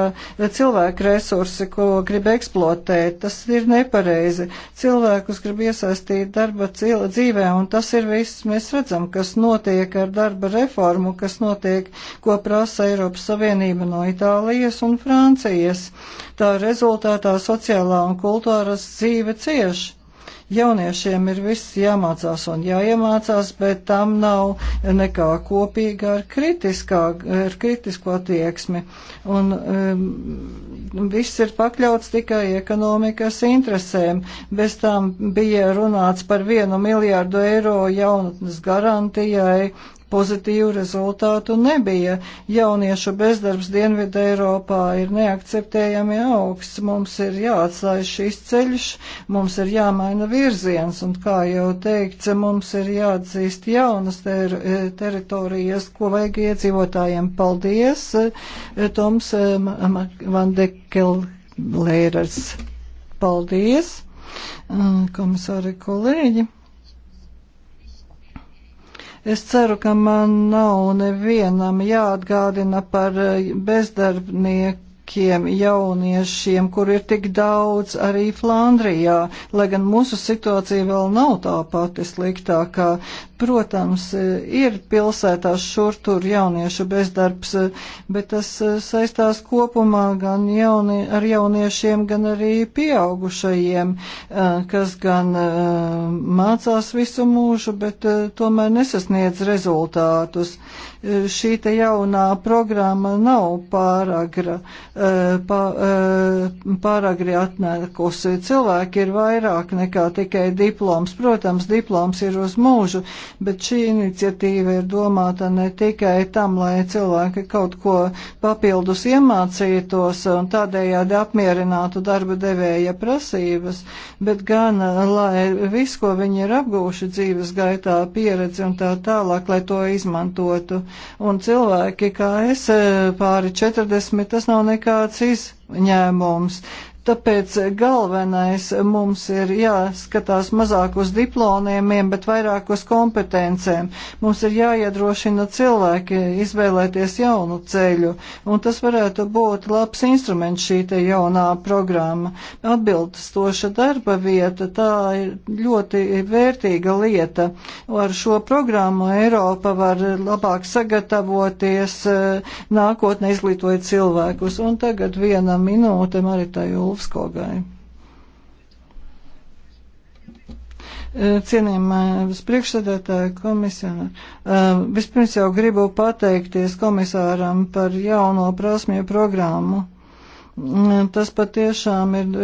[SPEAKER 1] cilvēku resursi, ko grib eksploatēt. Tas ir nepareizi. Cilvēkus grib iesaistīt darba dzīvē, un tas ir viss. Mēs redzam, kas notiek ar darba reformu, kas notiek, ko prasa Eiropas Savienība no Itālijas un Francijas. Tā rezultātā sociālā un kultūras dzīve cieši. Jauniešiem ir viss jāmācās un jāiemācās, bet tam nav nekā kopīga ar, kritiskā, ar kritisko attieksmi. Un um, viss ir pakļauts tikai ekonomikas interesēm. Bez tām bija runāts par vienu miljārdu eiro jaunas garantijai Pozitīvu rezultātu nebija. Jauniešu bezdarbs Dienvidē Eiropā ir neakceptējami augsts. Mums ir jāatstāj šis ceļš, mums ir jāmaina virziens, un kā jau teikts, mums ir jāatzīst jaunas ter teritorijas, ko vajag iedzīvotājiem. Paldies, Toms Vandekelēras. Paldies, komisāri kolēģi. Es ceru, ka man nav nevienam jāatgādina par eh, bezdarbniekiem jauniešiem, kur ir tik daudz arī Flandrijā, lai gan mūsu situācija vēl nav tā pati sliktākā, Protams, ir pilsētās šur tur jauniešu bezdarbs, bet tas eh, saistās kopumā gan jauni, ar jauniešiem, gan arī pieaugušajiem, eh, kas gan eh, mācās visu mūžu, bet tomēr nesasniedz rezultātus. Šī te jaunā programma nav pāragra, pā, pāragri atnēkusi. Cilvēki ir vairāk nekā tikai diploms. Protams, diploms ir uz mūžu, bet šī iniciatīva ir domāta ne tikai tam, lai cilvēki kaut ko papildus iemācītos un tādējādi apmierinātu darba devēja prasības, bet gan, eh, lai visu, ko viņi ir apgūši dzīves gaitā, pieredzi un tā tālāk, lai to izmantotu. Un cilvēki, kā es, eh, pāri 40, tas nav nekāds iz, ņēmums. Tāpēc galvenais mums ir jāskatās mazāk uz diplomiem, bet vairāk uz kompetencēm. Mums ir jāiedrošina cilvēki izvēlēties jaunu ceļu, un tas varētu būt labs instruments šī te jaunā programma. Atbilstoša darba vieta, tā ir ļoti vērtīga lieta. Ar šo programmu Eiropa var labāk sagatavoties nākotnē izglītojot cilvēkus. Un tagad viena minūte Maritai Ulf. Ulfskogai. E, Cienījamais priekšsēdētāji komisionāri, e, vispirms jau gribu pateikties komisāram par jauno prasmju programmu. E, tas patiešām ir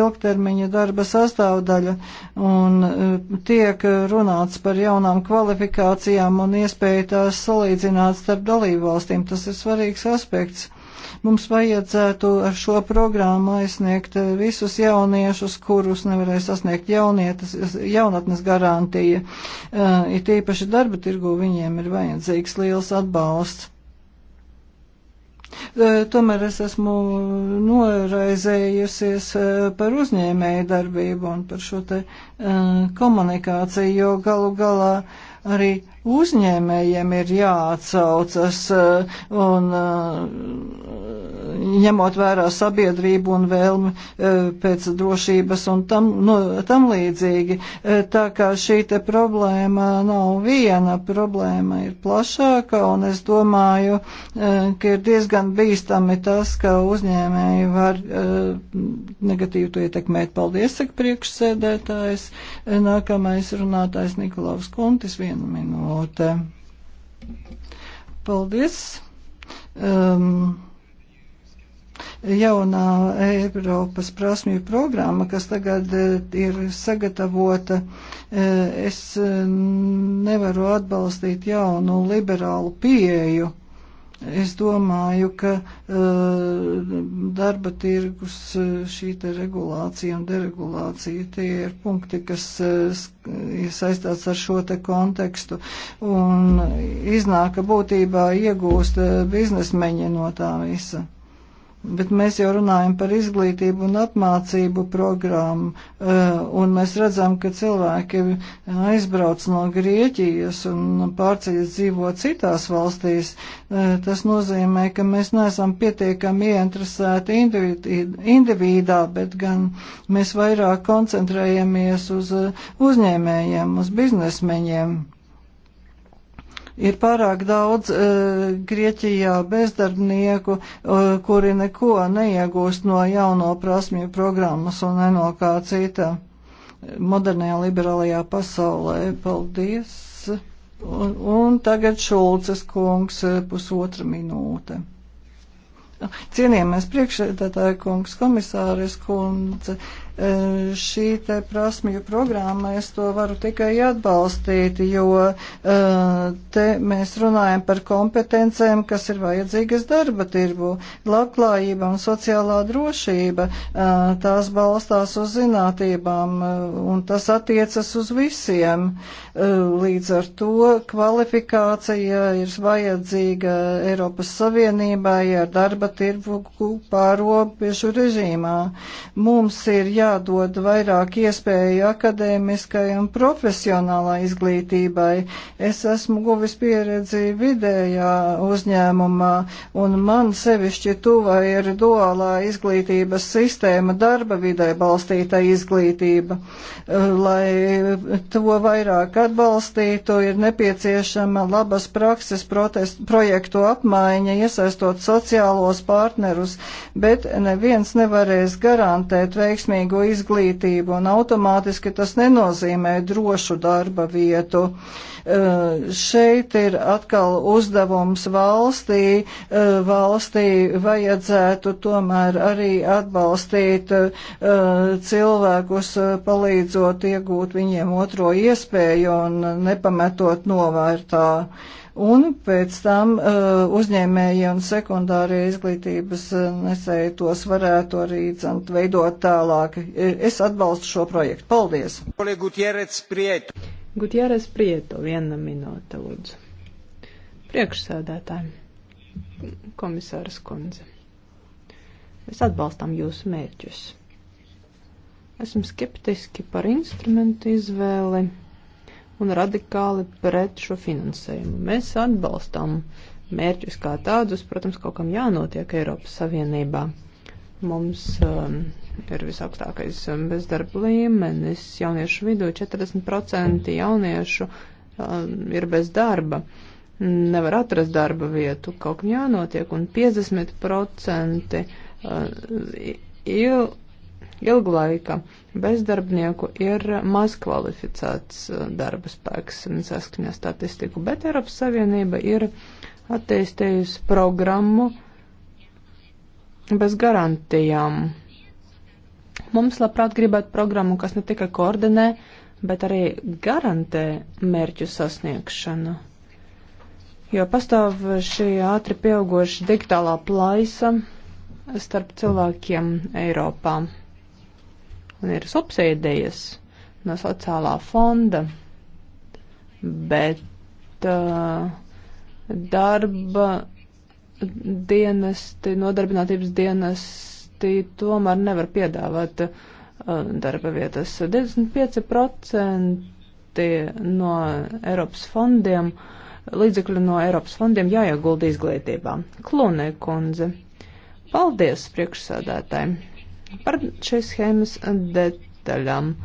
[SPEAKER 1] ilgtermiņa darba sastāvdaļa un tiek runāts par jaunām kvalifikācijām un iespēju tās salīdzināt starp dalībvalstīm. Tas ir svarīgs aspekts. Mums vajadzētu ar šo programmu aizsniegt visus jauniešus, kurus nevarēja sasniegt jaunietas, jaunatnes garantija. Eh, it īpaši darba tirgu viņiem ir vajadzīgs liels atbalsts. Eh, tomēr es esmu noraizējusies eh, par uzņēmēju darbību un par šo te komunikāciju, jo galu galā arī uzņēmējiem ir jāatsaucas un ņemot vērā sabiedrību un vēlmi e, pēc drošības un tam, no, nu, tam līdzīgi. E, tā kā šī te problēma nav viena, problēma ir plašāka un es domāju, e, ka ir diezgan bīstami tas, ka uzņēmēji var negatīvi to ietekmēt. Paldies, saka priekšsēdētājs. Nākamais runātājs Nikolaus Kuntis, viena minūte. Paldies. Um, jaunā Eiropas prasmju programma, kas tagad eh, ir sagatavota, eh, es eh, nevaru atbalstīt jaunu liberālu pieeju. Es domāju, ka darba tirgus šī te regulācija un deregulācija tie ir punkti, kas saistāts ar šo te kontekstu un iznāk, ka būtībā iegūst biznesmeņi no tā visa. Bet mēs jau runājam par izglītību un apmācību programmu, eh, un mēs redzam, ka cilvēki aizbrauc no Grieķijas un pārceļas dzīvo citās valstīs. Eh, tas nozīmē, ka mēs neesam pietiekami ieinteresēti individā, bet gan mēs vairāk koncentrējamies uz eh, uzņēmējiem, uz biznesmeņiem. Ir pārāk daudz uh, Grieķijā bezdarbnieku, uh, kuri neko neiegūst no jauno prasmju programmas un ne no kā cita modernajā liberālajā pasaulē. Paldies! Un, un tagad Šulces kungs e, pusotra minūte. Cienījamais priekšsēdētāja kungs, komisāres kundze. Uh, E, šī te prasmju programma, es to varu tikai atbalstīt, jo e, te mēs runājam par kompetencēm, kas ir vajadzīgas darba tirbu, labklājība un sociālā drošība, e, tās balstās uz zinātībām un tas attiecas uz visiem. Līdz ar to kvalifikācija ir vajadzīga Eiropas Savienībai ar darba tirbu pārobežu režīmā. Mums ir jā jādod vairāk iespēju akadēmiskai un profesionālai izglītībai. Es esmu guvis pieredzi vidējā uzņēmumā, un man sevišķi tuva ir duālā izglītības sistēma, darba vidē balstīta izglītība. Lai to vairāk atbalstītu, ir nepieciešama labas prakses protest, projektu apmaiņa, iesaistot sociālos partnerus, bet neviens nevarēs garantēt veiksmīgu vajadzīgo izglītību, un automātiski tas nenozīmē drošu darba vietu. Uh, Eh, šeit ir atkal uzdevums valstī. Eh, valstī vajadzētu tomēr arī atbalstīt eh, cilvēkus, palīdzot iegūt viņiem otro iespēju un nepametot novērtā un pēc tam uh, uzņēmēji un sekundārie izglītības nesēji tos varētu arī cent, veidot tālāk. Es atbalstu šo projektu. Paldies! Gutieres
[SPEAKER 3] Prieto, viena minūte, lūdzu. Priekšsēdētāji, komisāras kundze, mēs atbalstām jūsu mērķus. Esmu skeptiski par instrumentu izvēli un radikāli pret šo finansējumu. Mēs atbalstām mērķus kā tādus, protams, kaut kam jānotiek Eiropas Savienībā. Mums um, ir visaugstākais um, bezdarba līmenis. Jauniešu vidū 40% jauniešu um, ir bez darba. Nevar atrast darba vietu, kaut kam jānotiek, un 50% il, ilglaika bezdarbnieku ir mazkvalificēts uh, darba spēks saskaņā statistiku, bet Eiropas Savienība ir attīstījusi programmu, uh, bez garantijām. Mums labprāt gribētu programmu, kas ne tikai koordinē, bet arī garantē mērķu sasniegšanu. Jo pastāv šī ātri pieaugoša digitālā plaisa starp cilvēkiem Eiropā. Un ir subsīdijas no sociālā fonda, bet uh, darba dienesti, nodarbinātības dienesti tomēr nevar piedāvāt uh, darba vietas. 25% no Eiropas fondiem, līdzekļu no Eiropas fondiem jāiegulda izglītībā. Klūnē kundze. Paldies priekšsādātājiem par šīs schēmas detaļām. Uh,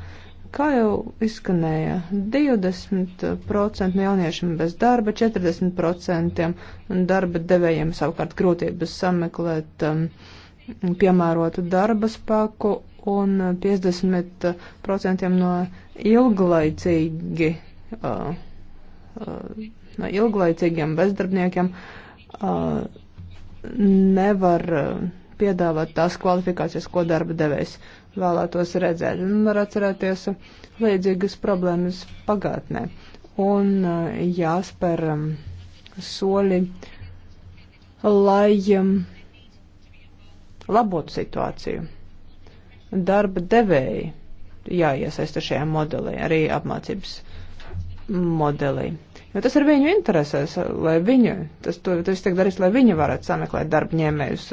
[SPEAKER 3] Kā jau izskanēja, 20% no jauniešiem bez darba, 40% darba devējiem savukārt grūtības sameklēt um, piemērotu darba spēku un 50% no ilglaicīgi, uh, uh, no ilglaicīgiem bezdarbniekiem uh, nevar uh, piedāvāt tās kvalifikācijas, ko darba devējs uh, vēlētos redzēt. Un var atcerēties līdzīgas problēmas pagātnē. Un eh, jāspēr um, soļi, lai um, labotu situāciju. Darba devēji jāiesaista šajā modelī, arī apmācības modelī. Jo tas ir viņu interesēs, lai viņi, tas, to, tas tiek darīts, lai viņi varētu sameklēt darba ņēmējus.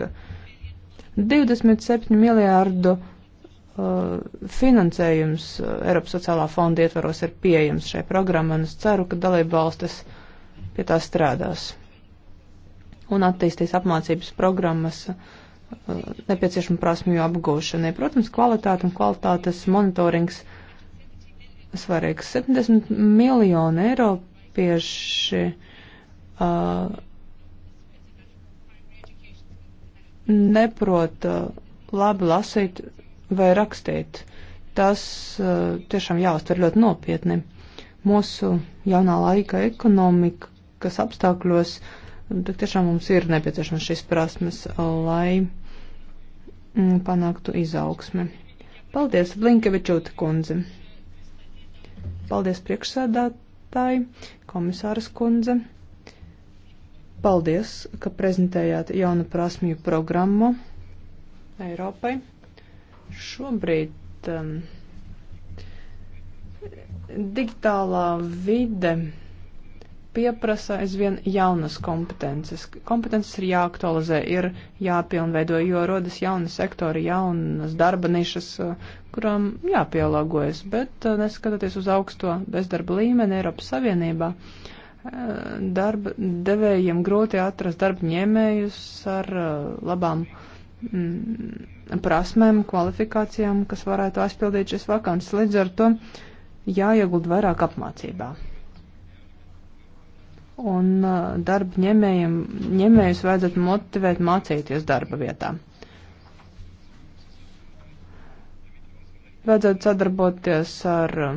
[SPEAKER 3] 27 miljārdu uh, Uh, finansējums uh, Eiropas sociālā fonda ietvaros ir pieejams šai programmai, un es ceru, ka dalība valstis pie tā strādās un attīstīs apmācības programmas uh, nepieciešamu prasmju apgūšanai. Protams, kvalitāte un kvalitātes monitorings svarīgs. 70 miljoni eiropieši uh, neprot uh, labi lasīt vai rakstīt, tas uh, tiešām jāuztver ļoti nopietni. Mūsu jaunā laika ekonomika, kas apstākļos, tad tiešām mums ir nepieciešams šīs prasmes, lai mm, panāktu izaugsmi. Paldies, Blinkevičūta kundze. Paldies, priekšsēdētāji, komisāras kundze. Paldies, ka prezentējāt jaunu prasmju programmu Eiropai. Šobrīd um, digitālā vide pieprasa aizvien jaunas kompetences. Kompetences ir jāaktualizē, ir jāpilnveido, jo rodas jauni sektori, jaunas darba nišas, uh, kurām jāpielāgojas. Bet uh, neskatoties uz augsto bezdarba līmeni Eiropas Savienībā, uh, darba devējiem grūti atrast darba ņēmējus ar labām. Mm, prasmēm, kvalifikācijām, kas varētu aizpildīt šis vakants. Līdz ar to jāieguld vairāk apmācībā. Un uh, darba ņemējiem, ņemējus vajadzētu motivēt mācīties darba vietā. Vajadzētu sadarboties ar uh,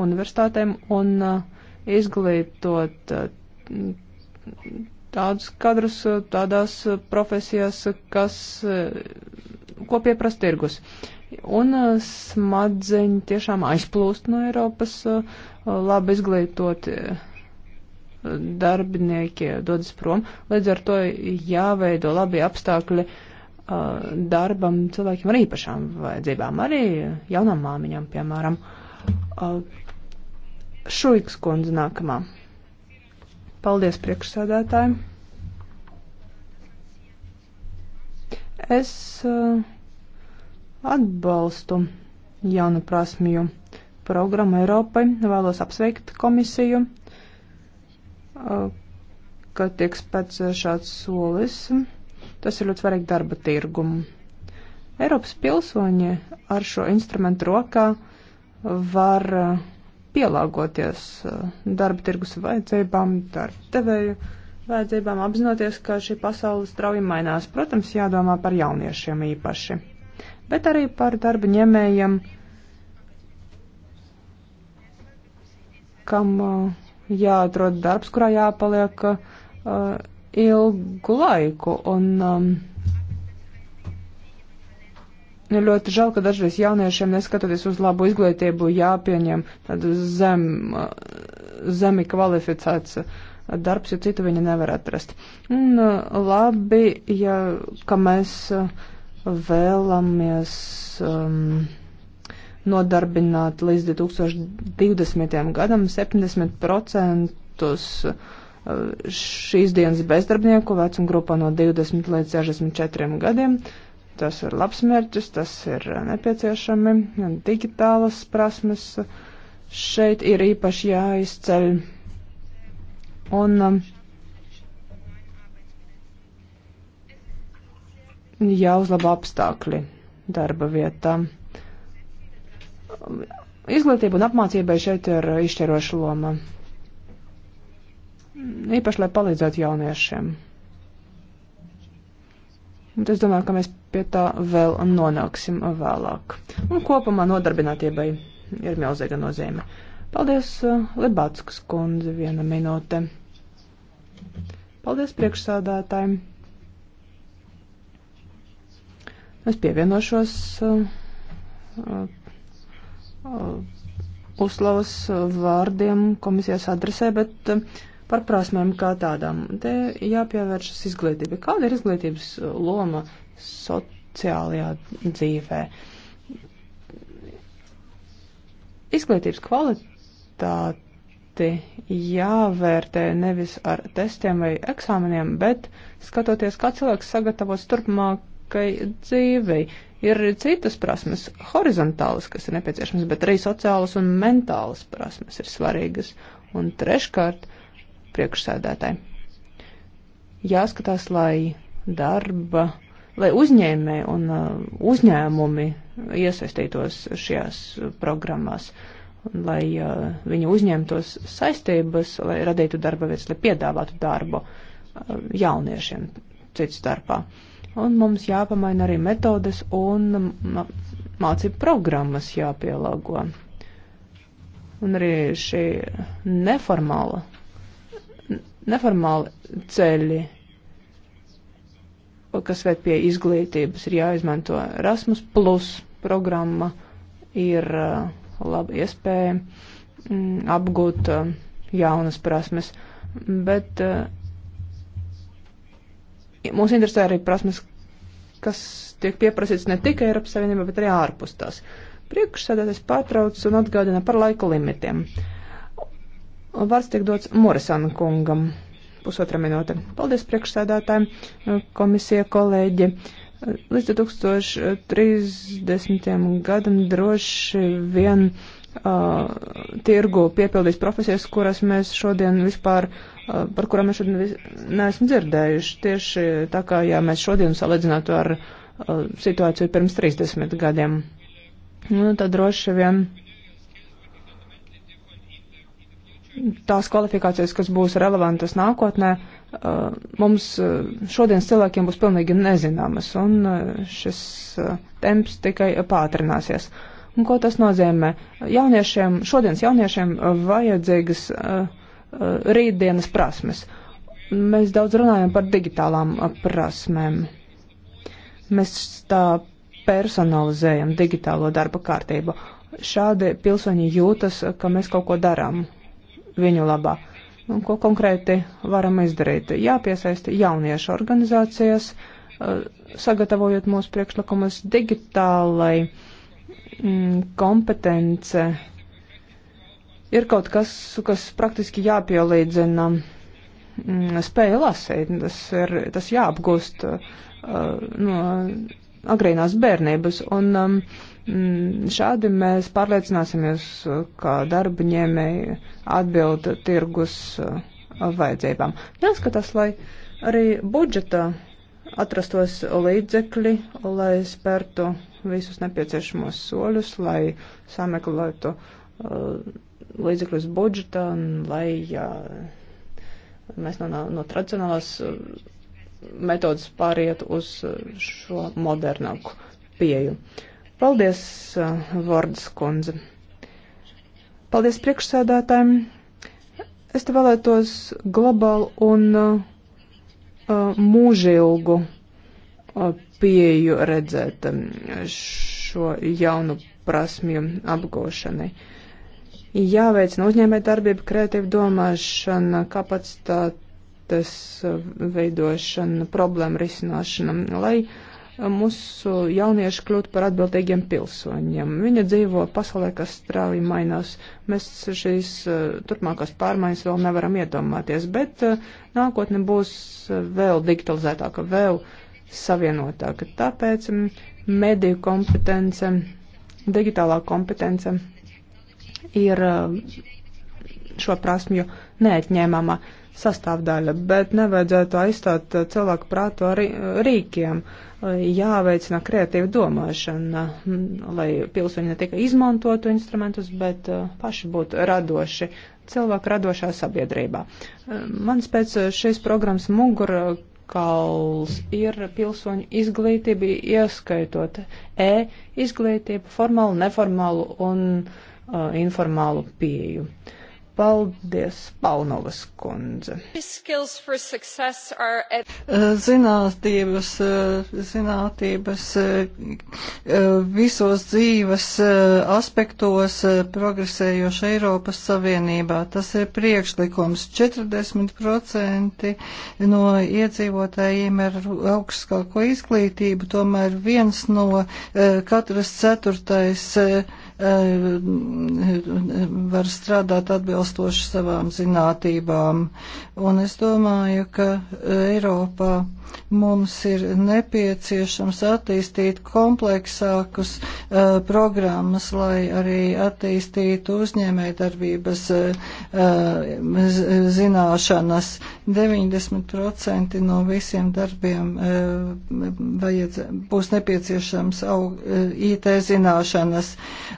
[SPEAKER 3] universitātēm un uh, izglītot tādus kadrus tādās profesijās, kas ko pieprasa tirgus. Un uh, smadzeņi tiešām aizplūst no Eiropas, uh, labi izglītoti uh, darbinieki dodas prom, līdz ar to jāveido labi apstākļi darbam cilvēkiem ar īpašām vajadzībām, arī jaunām māmiņām, piemēram. Šuiks kundze nākamā. Paldies priekšsēdētājiem! Es eh, atbalstu jaunu prasmju programmu Eiropai. Vēlos apsveikt komisiju, eh, ka tiek spēc šāds solis. Tas ir ļoti svarīgi darba tirgumu. Eiropas pilsoņi ar šo instrumentu rokā var eh, pielāgoties darba tirgus vajadzībām, darba devēju vajadzībām apzinoties, ka šī pasaule strauji mainās. Protams, jādomā par jauniešiem īpaši, bet arī par darba ņēmējiem, kam uh, jāatrod darbs, kurā jāpaliek uh, ilgu laiku. Un, um, Ir ļoti žēl, ka dažreiz jauniešiem, neskatoties uz labu izglītību, jāpieņem tādu zem, uh, zemi kvalificēts uh, darbs, jo citu viņa nevar atrast. Un uh, labi, ja ka mēs uh, vēlamies um, nodarbināt līdz 2020. gadam 70% uh, šīs dienas bezdarbnieku vecuma grupā no 20 līdz 64 gadiem. Tas ir labs mērķis, tas ir nepieciešami. Digitālas prasmes šeit ir īpaši jāizceļ Un um, jāuzlabo apstākļi darba vietām. Um, izglītība un apmācībai šeit ir izšķiroša loma. Īpaši, lai palīdzētu jauniešiem. Bet es domāju, ka mēs pie tā vēl nonāksim vēlāk. Un kopumā nodarbinātībai ir milzīga nozīme. Paldies, eh, Libatskas kundze, viena minūte. Paldies priekšsādātājiem. Es pievienošos uh, eh, eh, uh, uzslavas vārdiem komisijas adresē, bet uh, par prasmēm kā tādām. Te jāpievēršas izglītībai. Kāda ir izglītības loma sociālajā dzīvē? Izglītības kvalitāte rezultāti jāvērtē nevis ar testiem vai eksāmeniem, bet skatoties, kā cilvēks sagatavos turpmākai dzīvei. Ir citas prasmes, horizontālas, kas ir nepieciešamas, bet arī sociālas un mentālas prasmes ir svarīgas. Un treškārt, priekšsēdētāji. Jāskatās, lai darba, lai uzņēmēji un uh, uzņēmumi iesaistītos šajās programmās. Uh, lai uh, viņi uzņemtos saistības, lai radītu darba vietas, lai piedāvātu darbu uh, jauniešiem citu starpā. Un mums jāpamaina arī metodes un mācību programmas jāpielāgo. Un arī šī neformāla, neformāla ceļi, kas ved pie izglītības, ir jāizmanto Erasmus plus programma, ir uh, laba iespēja mm, apgūt uh, jaunas prasmes. Bet uh, mūs interesē arī prasmes, kas tiek pieprasīts ne tikai Eiropas Savienībā, bet arī ārpus tās. Priekšsēdētājs pārtrauc un atgādina par laika limitiem. Vārds tiek dots Morisana kungam. Pusotra minūte. Paldies priekšsēdētājiem, komisija kolēģi. Uh, Līdz 2030. gadam droši vien uh, tirgu piepildīs profesijas, kuras mēs šodien vispār, uh, par kurām mēs šodien vis, neesam dzirdējuši. Tieši tā kā, ja mēs šodien salīdzinātu ar uh, situāciju pirms 30 gadiem, nu, tad droši vien. Uh, tās kvalifikācijas, kas būs relevantas nākotnē, uh, mums uh, šodienas cilvēkiem būs pilnīgi nezināmas, un uh, šis temps tikai pātrināsies. Un ko tas nozīmē? Jauniešiem, šodienas jauniešiem vajadzīgas rītdienas prasmes. Mēs daudz runājam par digitālām prasmēm. Mēs tā personalizējam digitālo darba kārtību. Šādi pilsoņi jūtas, ka mēs kaut ko darām viņu labā. Un ko konkrēti varam izdarīt? Jāpiesaista jauniešu organizācijas, uh, sagatavojot mūsu priekšlikumus digitālai mm, kompetence. Ir kaut kas, kas praktiski jāpielīdzina mm, spēja lasīt, tas ir tas jāapgūst uh, no agrīnās bērnības. Un um, mm, šādi mēs pārliecināsimies, ka darba ņēmēji atbilda tirgus uh, vajadzībām. Jāskatās, lai arī budžetā atrastos līdzekļi, lai spērtu visus nepieciešamos soļus, lai sameklētu uh, līdzekļus budžetā un lai uh, mēs no, no, no tradicionālās. Uh, metodas pāriet uz uh, šo modernāku pieju. Paldies, uh, Vordas kundze. Paldies priekšsēdētājiem. Es te vēlētos globālu un uh, uh mūžilgu uh, pieju redzēt um, šo jaunu prasmju apgūšanai. Jāveicina uzņēmē darbība, kreatīva domāšana, kapacitāte vietas uh, veidošana, problēma risināšana, lai uh, mūsu jaunieši kļūtu par atbildīgiem pilsoņiem. Viņa dzīvo pasaulē, kas strauji mainās. Mēs šīs uh, turpmākās pārmaiņas vēl nevaram iedomāties, bet nākotne būs vēl digitalizētāka, vēl savienotāka. Tāpēc um, mediju kompetence, digitālā kompetence ir šo prasmju neatņēmama sastāvdaļa, bet nevajadzētu aizstāt eh, cilvēku prātu ar rīkiem. Eh, jāveicina kreatīva domāšana, mm, lai pilsoņi ne tikai izmantotu instrumentus, bet eh, paši būtu radoši cilvēku radošā sabiedrībā. Mans pēc šīs programmas mugura kalns ir pilsoņu izglītība, ieskaitot e-izglītību, formālu, neformālu un uh, informālu pieju. Uh, Paldies,
[SPEAKER 1] Paunovas kundze. Eh, zinātības, eh, zinātības eh, visos dzīves aspektos progresējoši Eiropas Savienībā. Tas ir priekšlikums. 40% no iedzīvotājiem ir augstāko izglītību, tomēr viens no katras ceturtais Eh, var strādāt atbilstoši savām zinātībām. Un es domāju, ka Eiropā mums ir nepieciešams attīstīt kompleksākus uh, programmas, lai arī attīstītu uzņēmējdarbības uh, zināšanas. 90% no visiem darbiem uh, vajadz, būs nepieciešams aug, IT zināšanas.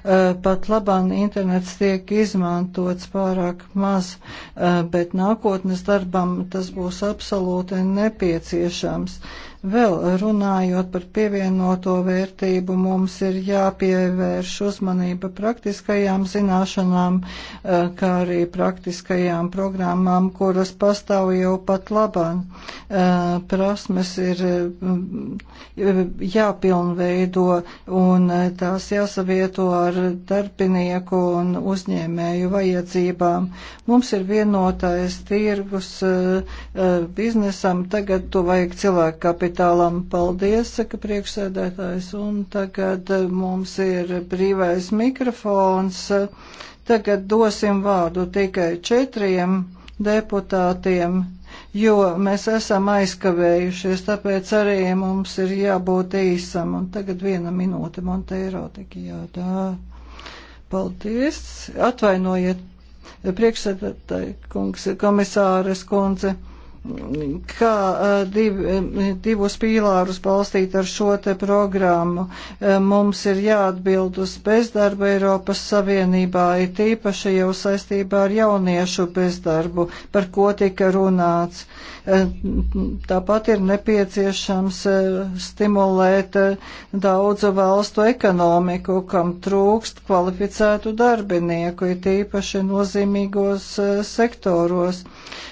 [SPEAKER 1] Uh, Eh, pat labāk internets tiek izmantots pārāk maz, eh, bet nākotnes darbam tas būs absolūti nepieciešams. Vēl runājot par pievienoto vērtību, mums ir jāpievērš uzmanība praktiskajām zināšanām, eh, kā arī praktiskajām programmām, kuras pastāv jau pat labāk. Eh, prasmes ir eh, jāpilnveido un tās jāsavieto ar darbinieku un uzņēmēju vajadzībām. Mums ir vienotais tirgus biznesam, tagad to vajag cilvēku kapitālu kapitālam. Paldies, saka priekšsēdētājs. Un tagad eh, mums ir brīvais mikrofons. Tagad dosim vārdu tikai četriem deputātiem, jo mēs esam aizkavējušies, tāpēc arī mums ir jābūt īsam. Un tagad viena minūte Monteiro tik jādā. Paldies. Atvainojiet, priekšsēdētāji kungs, komisāres kundze kā div, divus pīlārus balstīt ar šo te programmu. Mums ir jāatbild uz bezdarba Eiropas Savienībā, ir tīpaši jau saistībā ar jauniešu bezdarbu, par ko tika runāts. Tāpat ir nepieciešams stimulēt daudzu valstu ekonomiku, kam trūkst kvalificētu darbinieku, ir tīpaši nozīmīgos sektoros.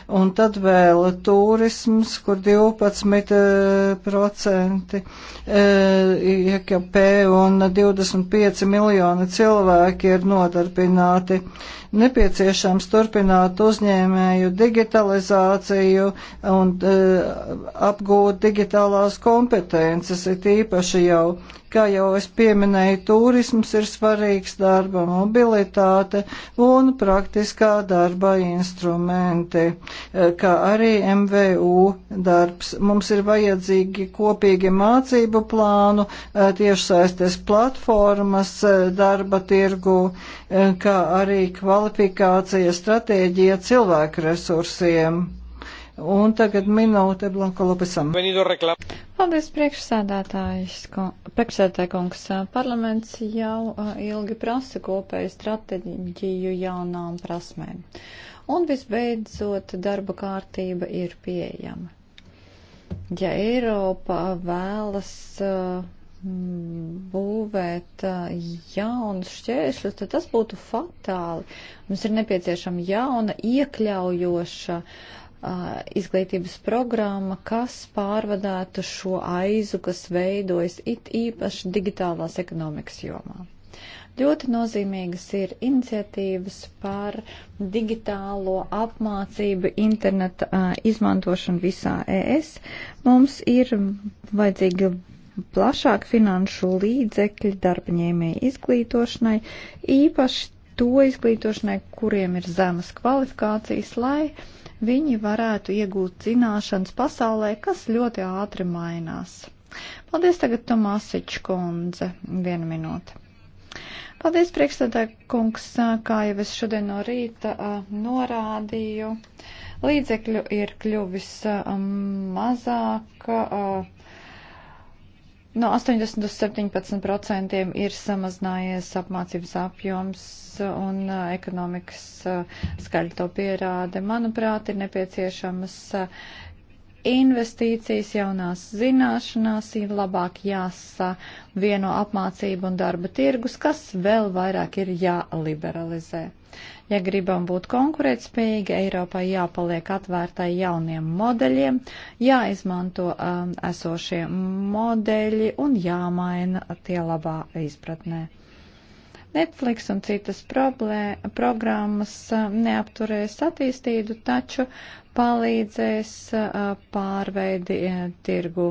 [SPEAKER 1] Un tad vēl turisms, kur 12% eh, eh, IKP un 25 miljoni cilvēki ir nodarbināti nepieciešams turpināt uzņēmēju digitalizāciju un e, apgūt digitālās kompetences, it īpaši jau, kā jau es pieminēju, turisms ir svarīgs darba mobilitāte un praktiskā darba instrumenti, e, kā arī MVU darbs. Mums ir vajadzīgi kopīgi mācību plānu, e, tiešsaistes platformas darba tirgu, kā arī kvalitātes kvalifikācija, stratēģija cilvēku resursiem. Un tagad minūte Blanko Lopesam.
[SPEAKER 2] Paldies priekšsēdētāji kungs. Parlaments jau ilgi prasa kopēju stratēģiju jaunām prasmēm. Un visbeidzot, darba kārtība ir pieejama. Ja Eiropa vēlas uh, būvēt jaunus šķēršļus, tad tas būtu fatāli. Mums ir nepieciešama jauna, iekļaujoša uh, izglītības programma, kas pārvadātu šo aizu, kas veidojas it īpaši digitālās ekonomikas jomā. Ļoti nozīmīgas ir iniciatīvas par digitālo apmācību, interneta uh, izmantošanu visā ES. Mums ir vajadzīga plašāk finanšu līdzekļi darbaņēmēju izglītošanai, īpaši to izglītošanai, kuriem ir zemas kvalifikācijas, lai viņi varētu iegūt zināšanas pasaulē, kas ļoti ātri mainās. Paldies tagad Tomasič kundze, viena minūte. Paldies, priekšstādā kungs, kā jau es šodien no rīta norādīju, līdzekļu ir kļuvis mazāk. Uh, No 80 līdz 17% ir samazinājies apmācības apjoms un ekonomikas skaļi to pierāde. Manuprāt, ir nepieciešamas investīcijas jaunās zināšanās ir labāk jāsavieno apmācību un darba tirgus, kas vēl vairāk ir jāliberalizē. Ja gribam būt konkurētspējīgi, Eiropai jāpaliek atvērtai jauniem modeļiem, jāizmanto um, esošie modeļi un jāmaina tie labā izpratnē. Netflix un citas problē, programmas um, neapturēs attīstību, taču palīdzēs uh, pārveidi uh, tirgu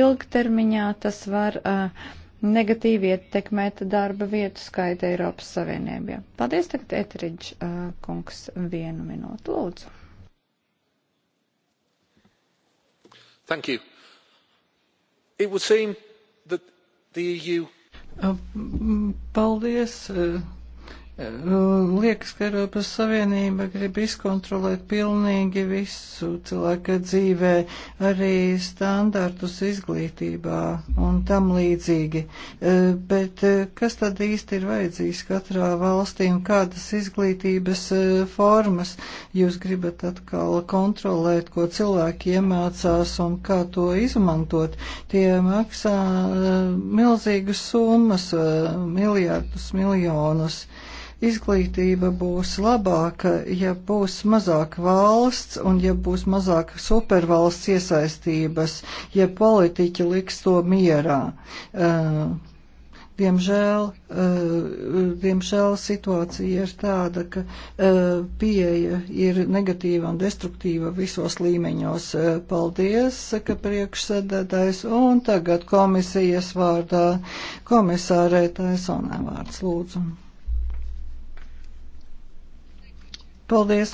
[SPEAKER 2] ilgtermiņā. Tas var uh, negatīvi ietekmēt darba vietu skaita Eiropas Savienībā. Paldies, tagad Etriģ uh, kungs vienu minūtu lūdzu.
[SPEAKER 1] Thank you. It would seem that the EU. Paldies. Uh Liekas, ka Eiropas Savienība grib izkontrolēt pilnīgi visu cilvēka dzīvē, arī standartus izglītībā un tam līdzīgi. E, bet e, kas tad īsti ir vajadzīgs katrā valstī un kādas izglītības e, formas jūs gribat atkal kontrolēt, ko cilvēki iemācās un kā to izmantot? Tie maksā milzīgas summas, miljardus, miljonus. Izglītība būs labāka, ja būs mazāk valsts un ja būs mazāk supervalsts iesaistības, ja politiķi liks to mierā. Uh, Diemžēl, eh, diemžēl situācija ir tāda, ka eh, pieeja ir negatīva un destruktīva visos līmeņos. Paldies, saka priekšsēdētājs, un tagad komisijas vārdā komisārē Taisonē vārds lūdzu. Paldies!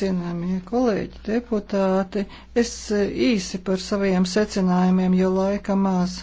[SPEAKER 1] Cienāmie kolēģi, deputāti, es eh, īsi par saviem secinājumiem, jo laika maz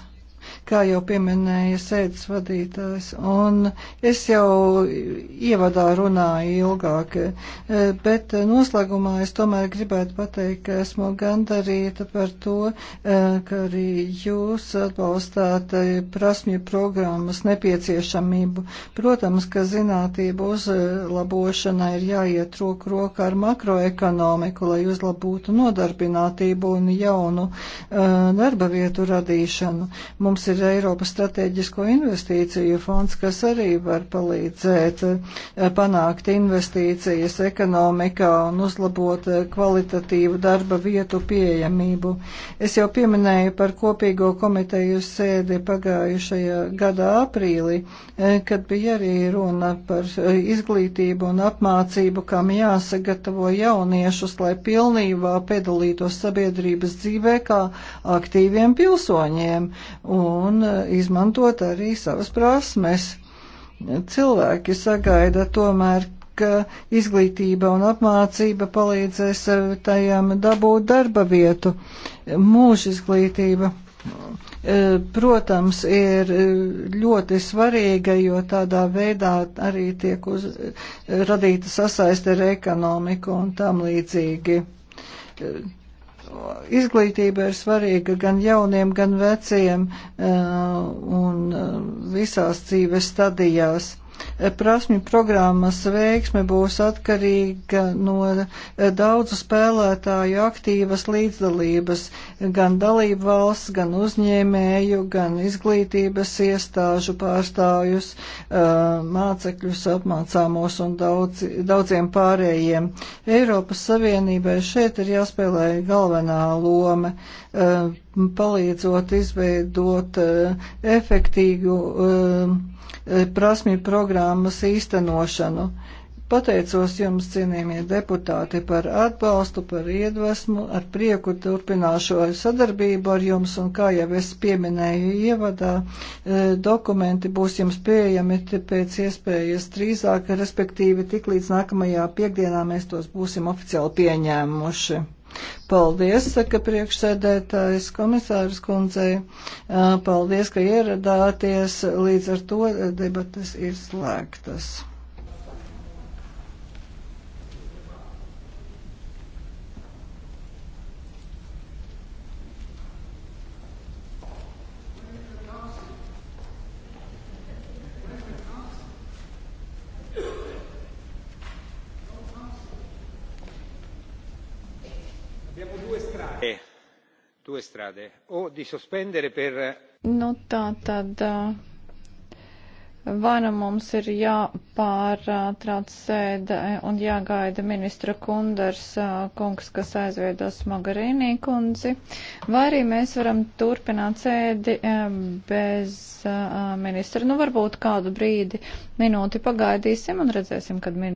[SPEAKER 1] kā jau pieminēja sēdes vadītājs, un es jau ievadā runāju ilgāk, e, bet noslēgumā es tomēr gribētu pateikt, ka esmu gandarīta par to, e, ka arī jūs atbalstāt e, prasmju programmas nepieciešamību. Protams, ka zinātību uzlabošana ir jāiet roku rokā ar makroekonomiku, lai uzlabotu nodarbinātību un jaunu darba vietu radīšanu. Mums ir ir Eiropas strateģisko investīciju fonds, kas arī var palīdzēt eh, panākt investīcijas ekonomikā un uzlabot eh, kvalitatīvu darba vietu pieejamību. Es jau pieminēju par kopīgo komiteju sēdi pagājušajā gada aprīlī, eh, kad bija arī runa par izglītību un apmācību, kam jāsagatavo jauniešus, lai pilnībā piedalītos sabiedrības dzīvē kā aktīviem pilsoņiem. Un un e, izmantot arī savas prasmes. Cilvēki sagaida tomēr, ka izglītība un apmācība palīdzēs e, tajām dabūt darba vietu. Mūža izglītība, e, protams, ir ļoti svarīga, jo tādā veidā arī tiek uz, radīta sasaiste ar ekonomiku un tam līdzīgi izglītība ir svarīga gan jauniem, gan veciem eh, un eh, visās dzīves stadijās. Prasmju programmas veiksme būs atkarīga no eh, daudzu spēlētāju aktīvas līdzdalības, gan dalību valsts, gan uzņēmēju, gan izglītības iestāžu pārstāvjus, eh, mācekļus apmācāmos un daudz, daudziem pārējiem. Eiropas Savienībai šeit ir jāspēlē galvenā loma eh, palīdzot izveidot efektīgu prasmju programmu programmas īstenošanu. Pateicos jums, cienījamie deputāti, par atbalstu, par iedvesmu, ar prieku turpināšu sadarbību ar jums, un kā jau es pieminēju ievadā, e, dokumenti būs jums pieejami pēc iespējas drīzāk, respektīvi tik līdz nākamajā piekdienā mēs tos būsim oficiāli pieņēmuši. Paldies, saka priekšsēdētājs komisārs kundzei. Paldies, ka ieradāties. Līdz ar to debatas ir slēgtas. due strade o di sospendere per.
[SPEAKER 2] Nu, tā tad eh, vai nu mums ir jāpārtrauc sēde un jāgaida ministra kundars eh, kungs, kas aizviedos Mogarīnī kundzi, vai arī mēs varam turpināt sēdi eh, bez ministra. Nu, varbūt kādu brīdi minūti pagaidīsim un redzēsim, kad ministra.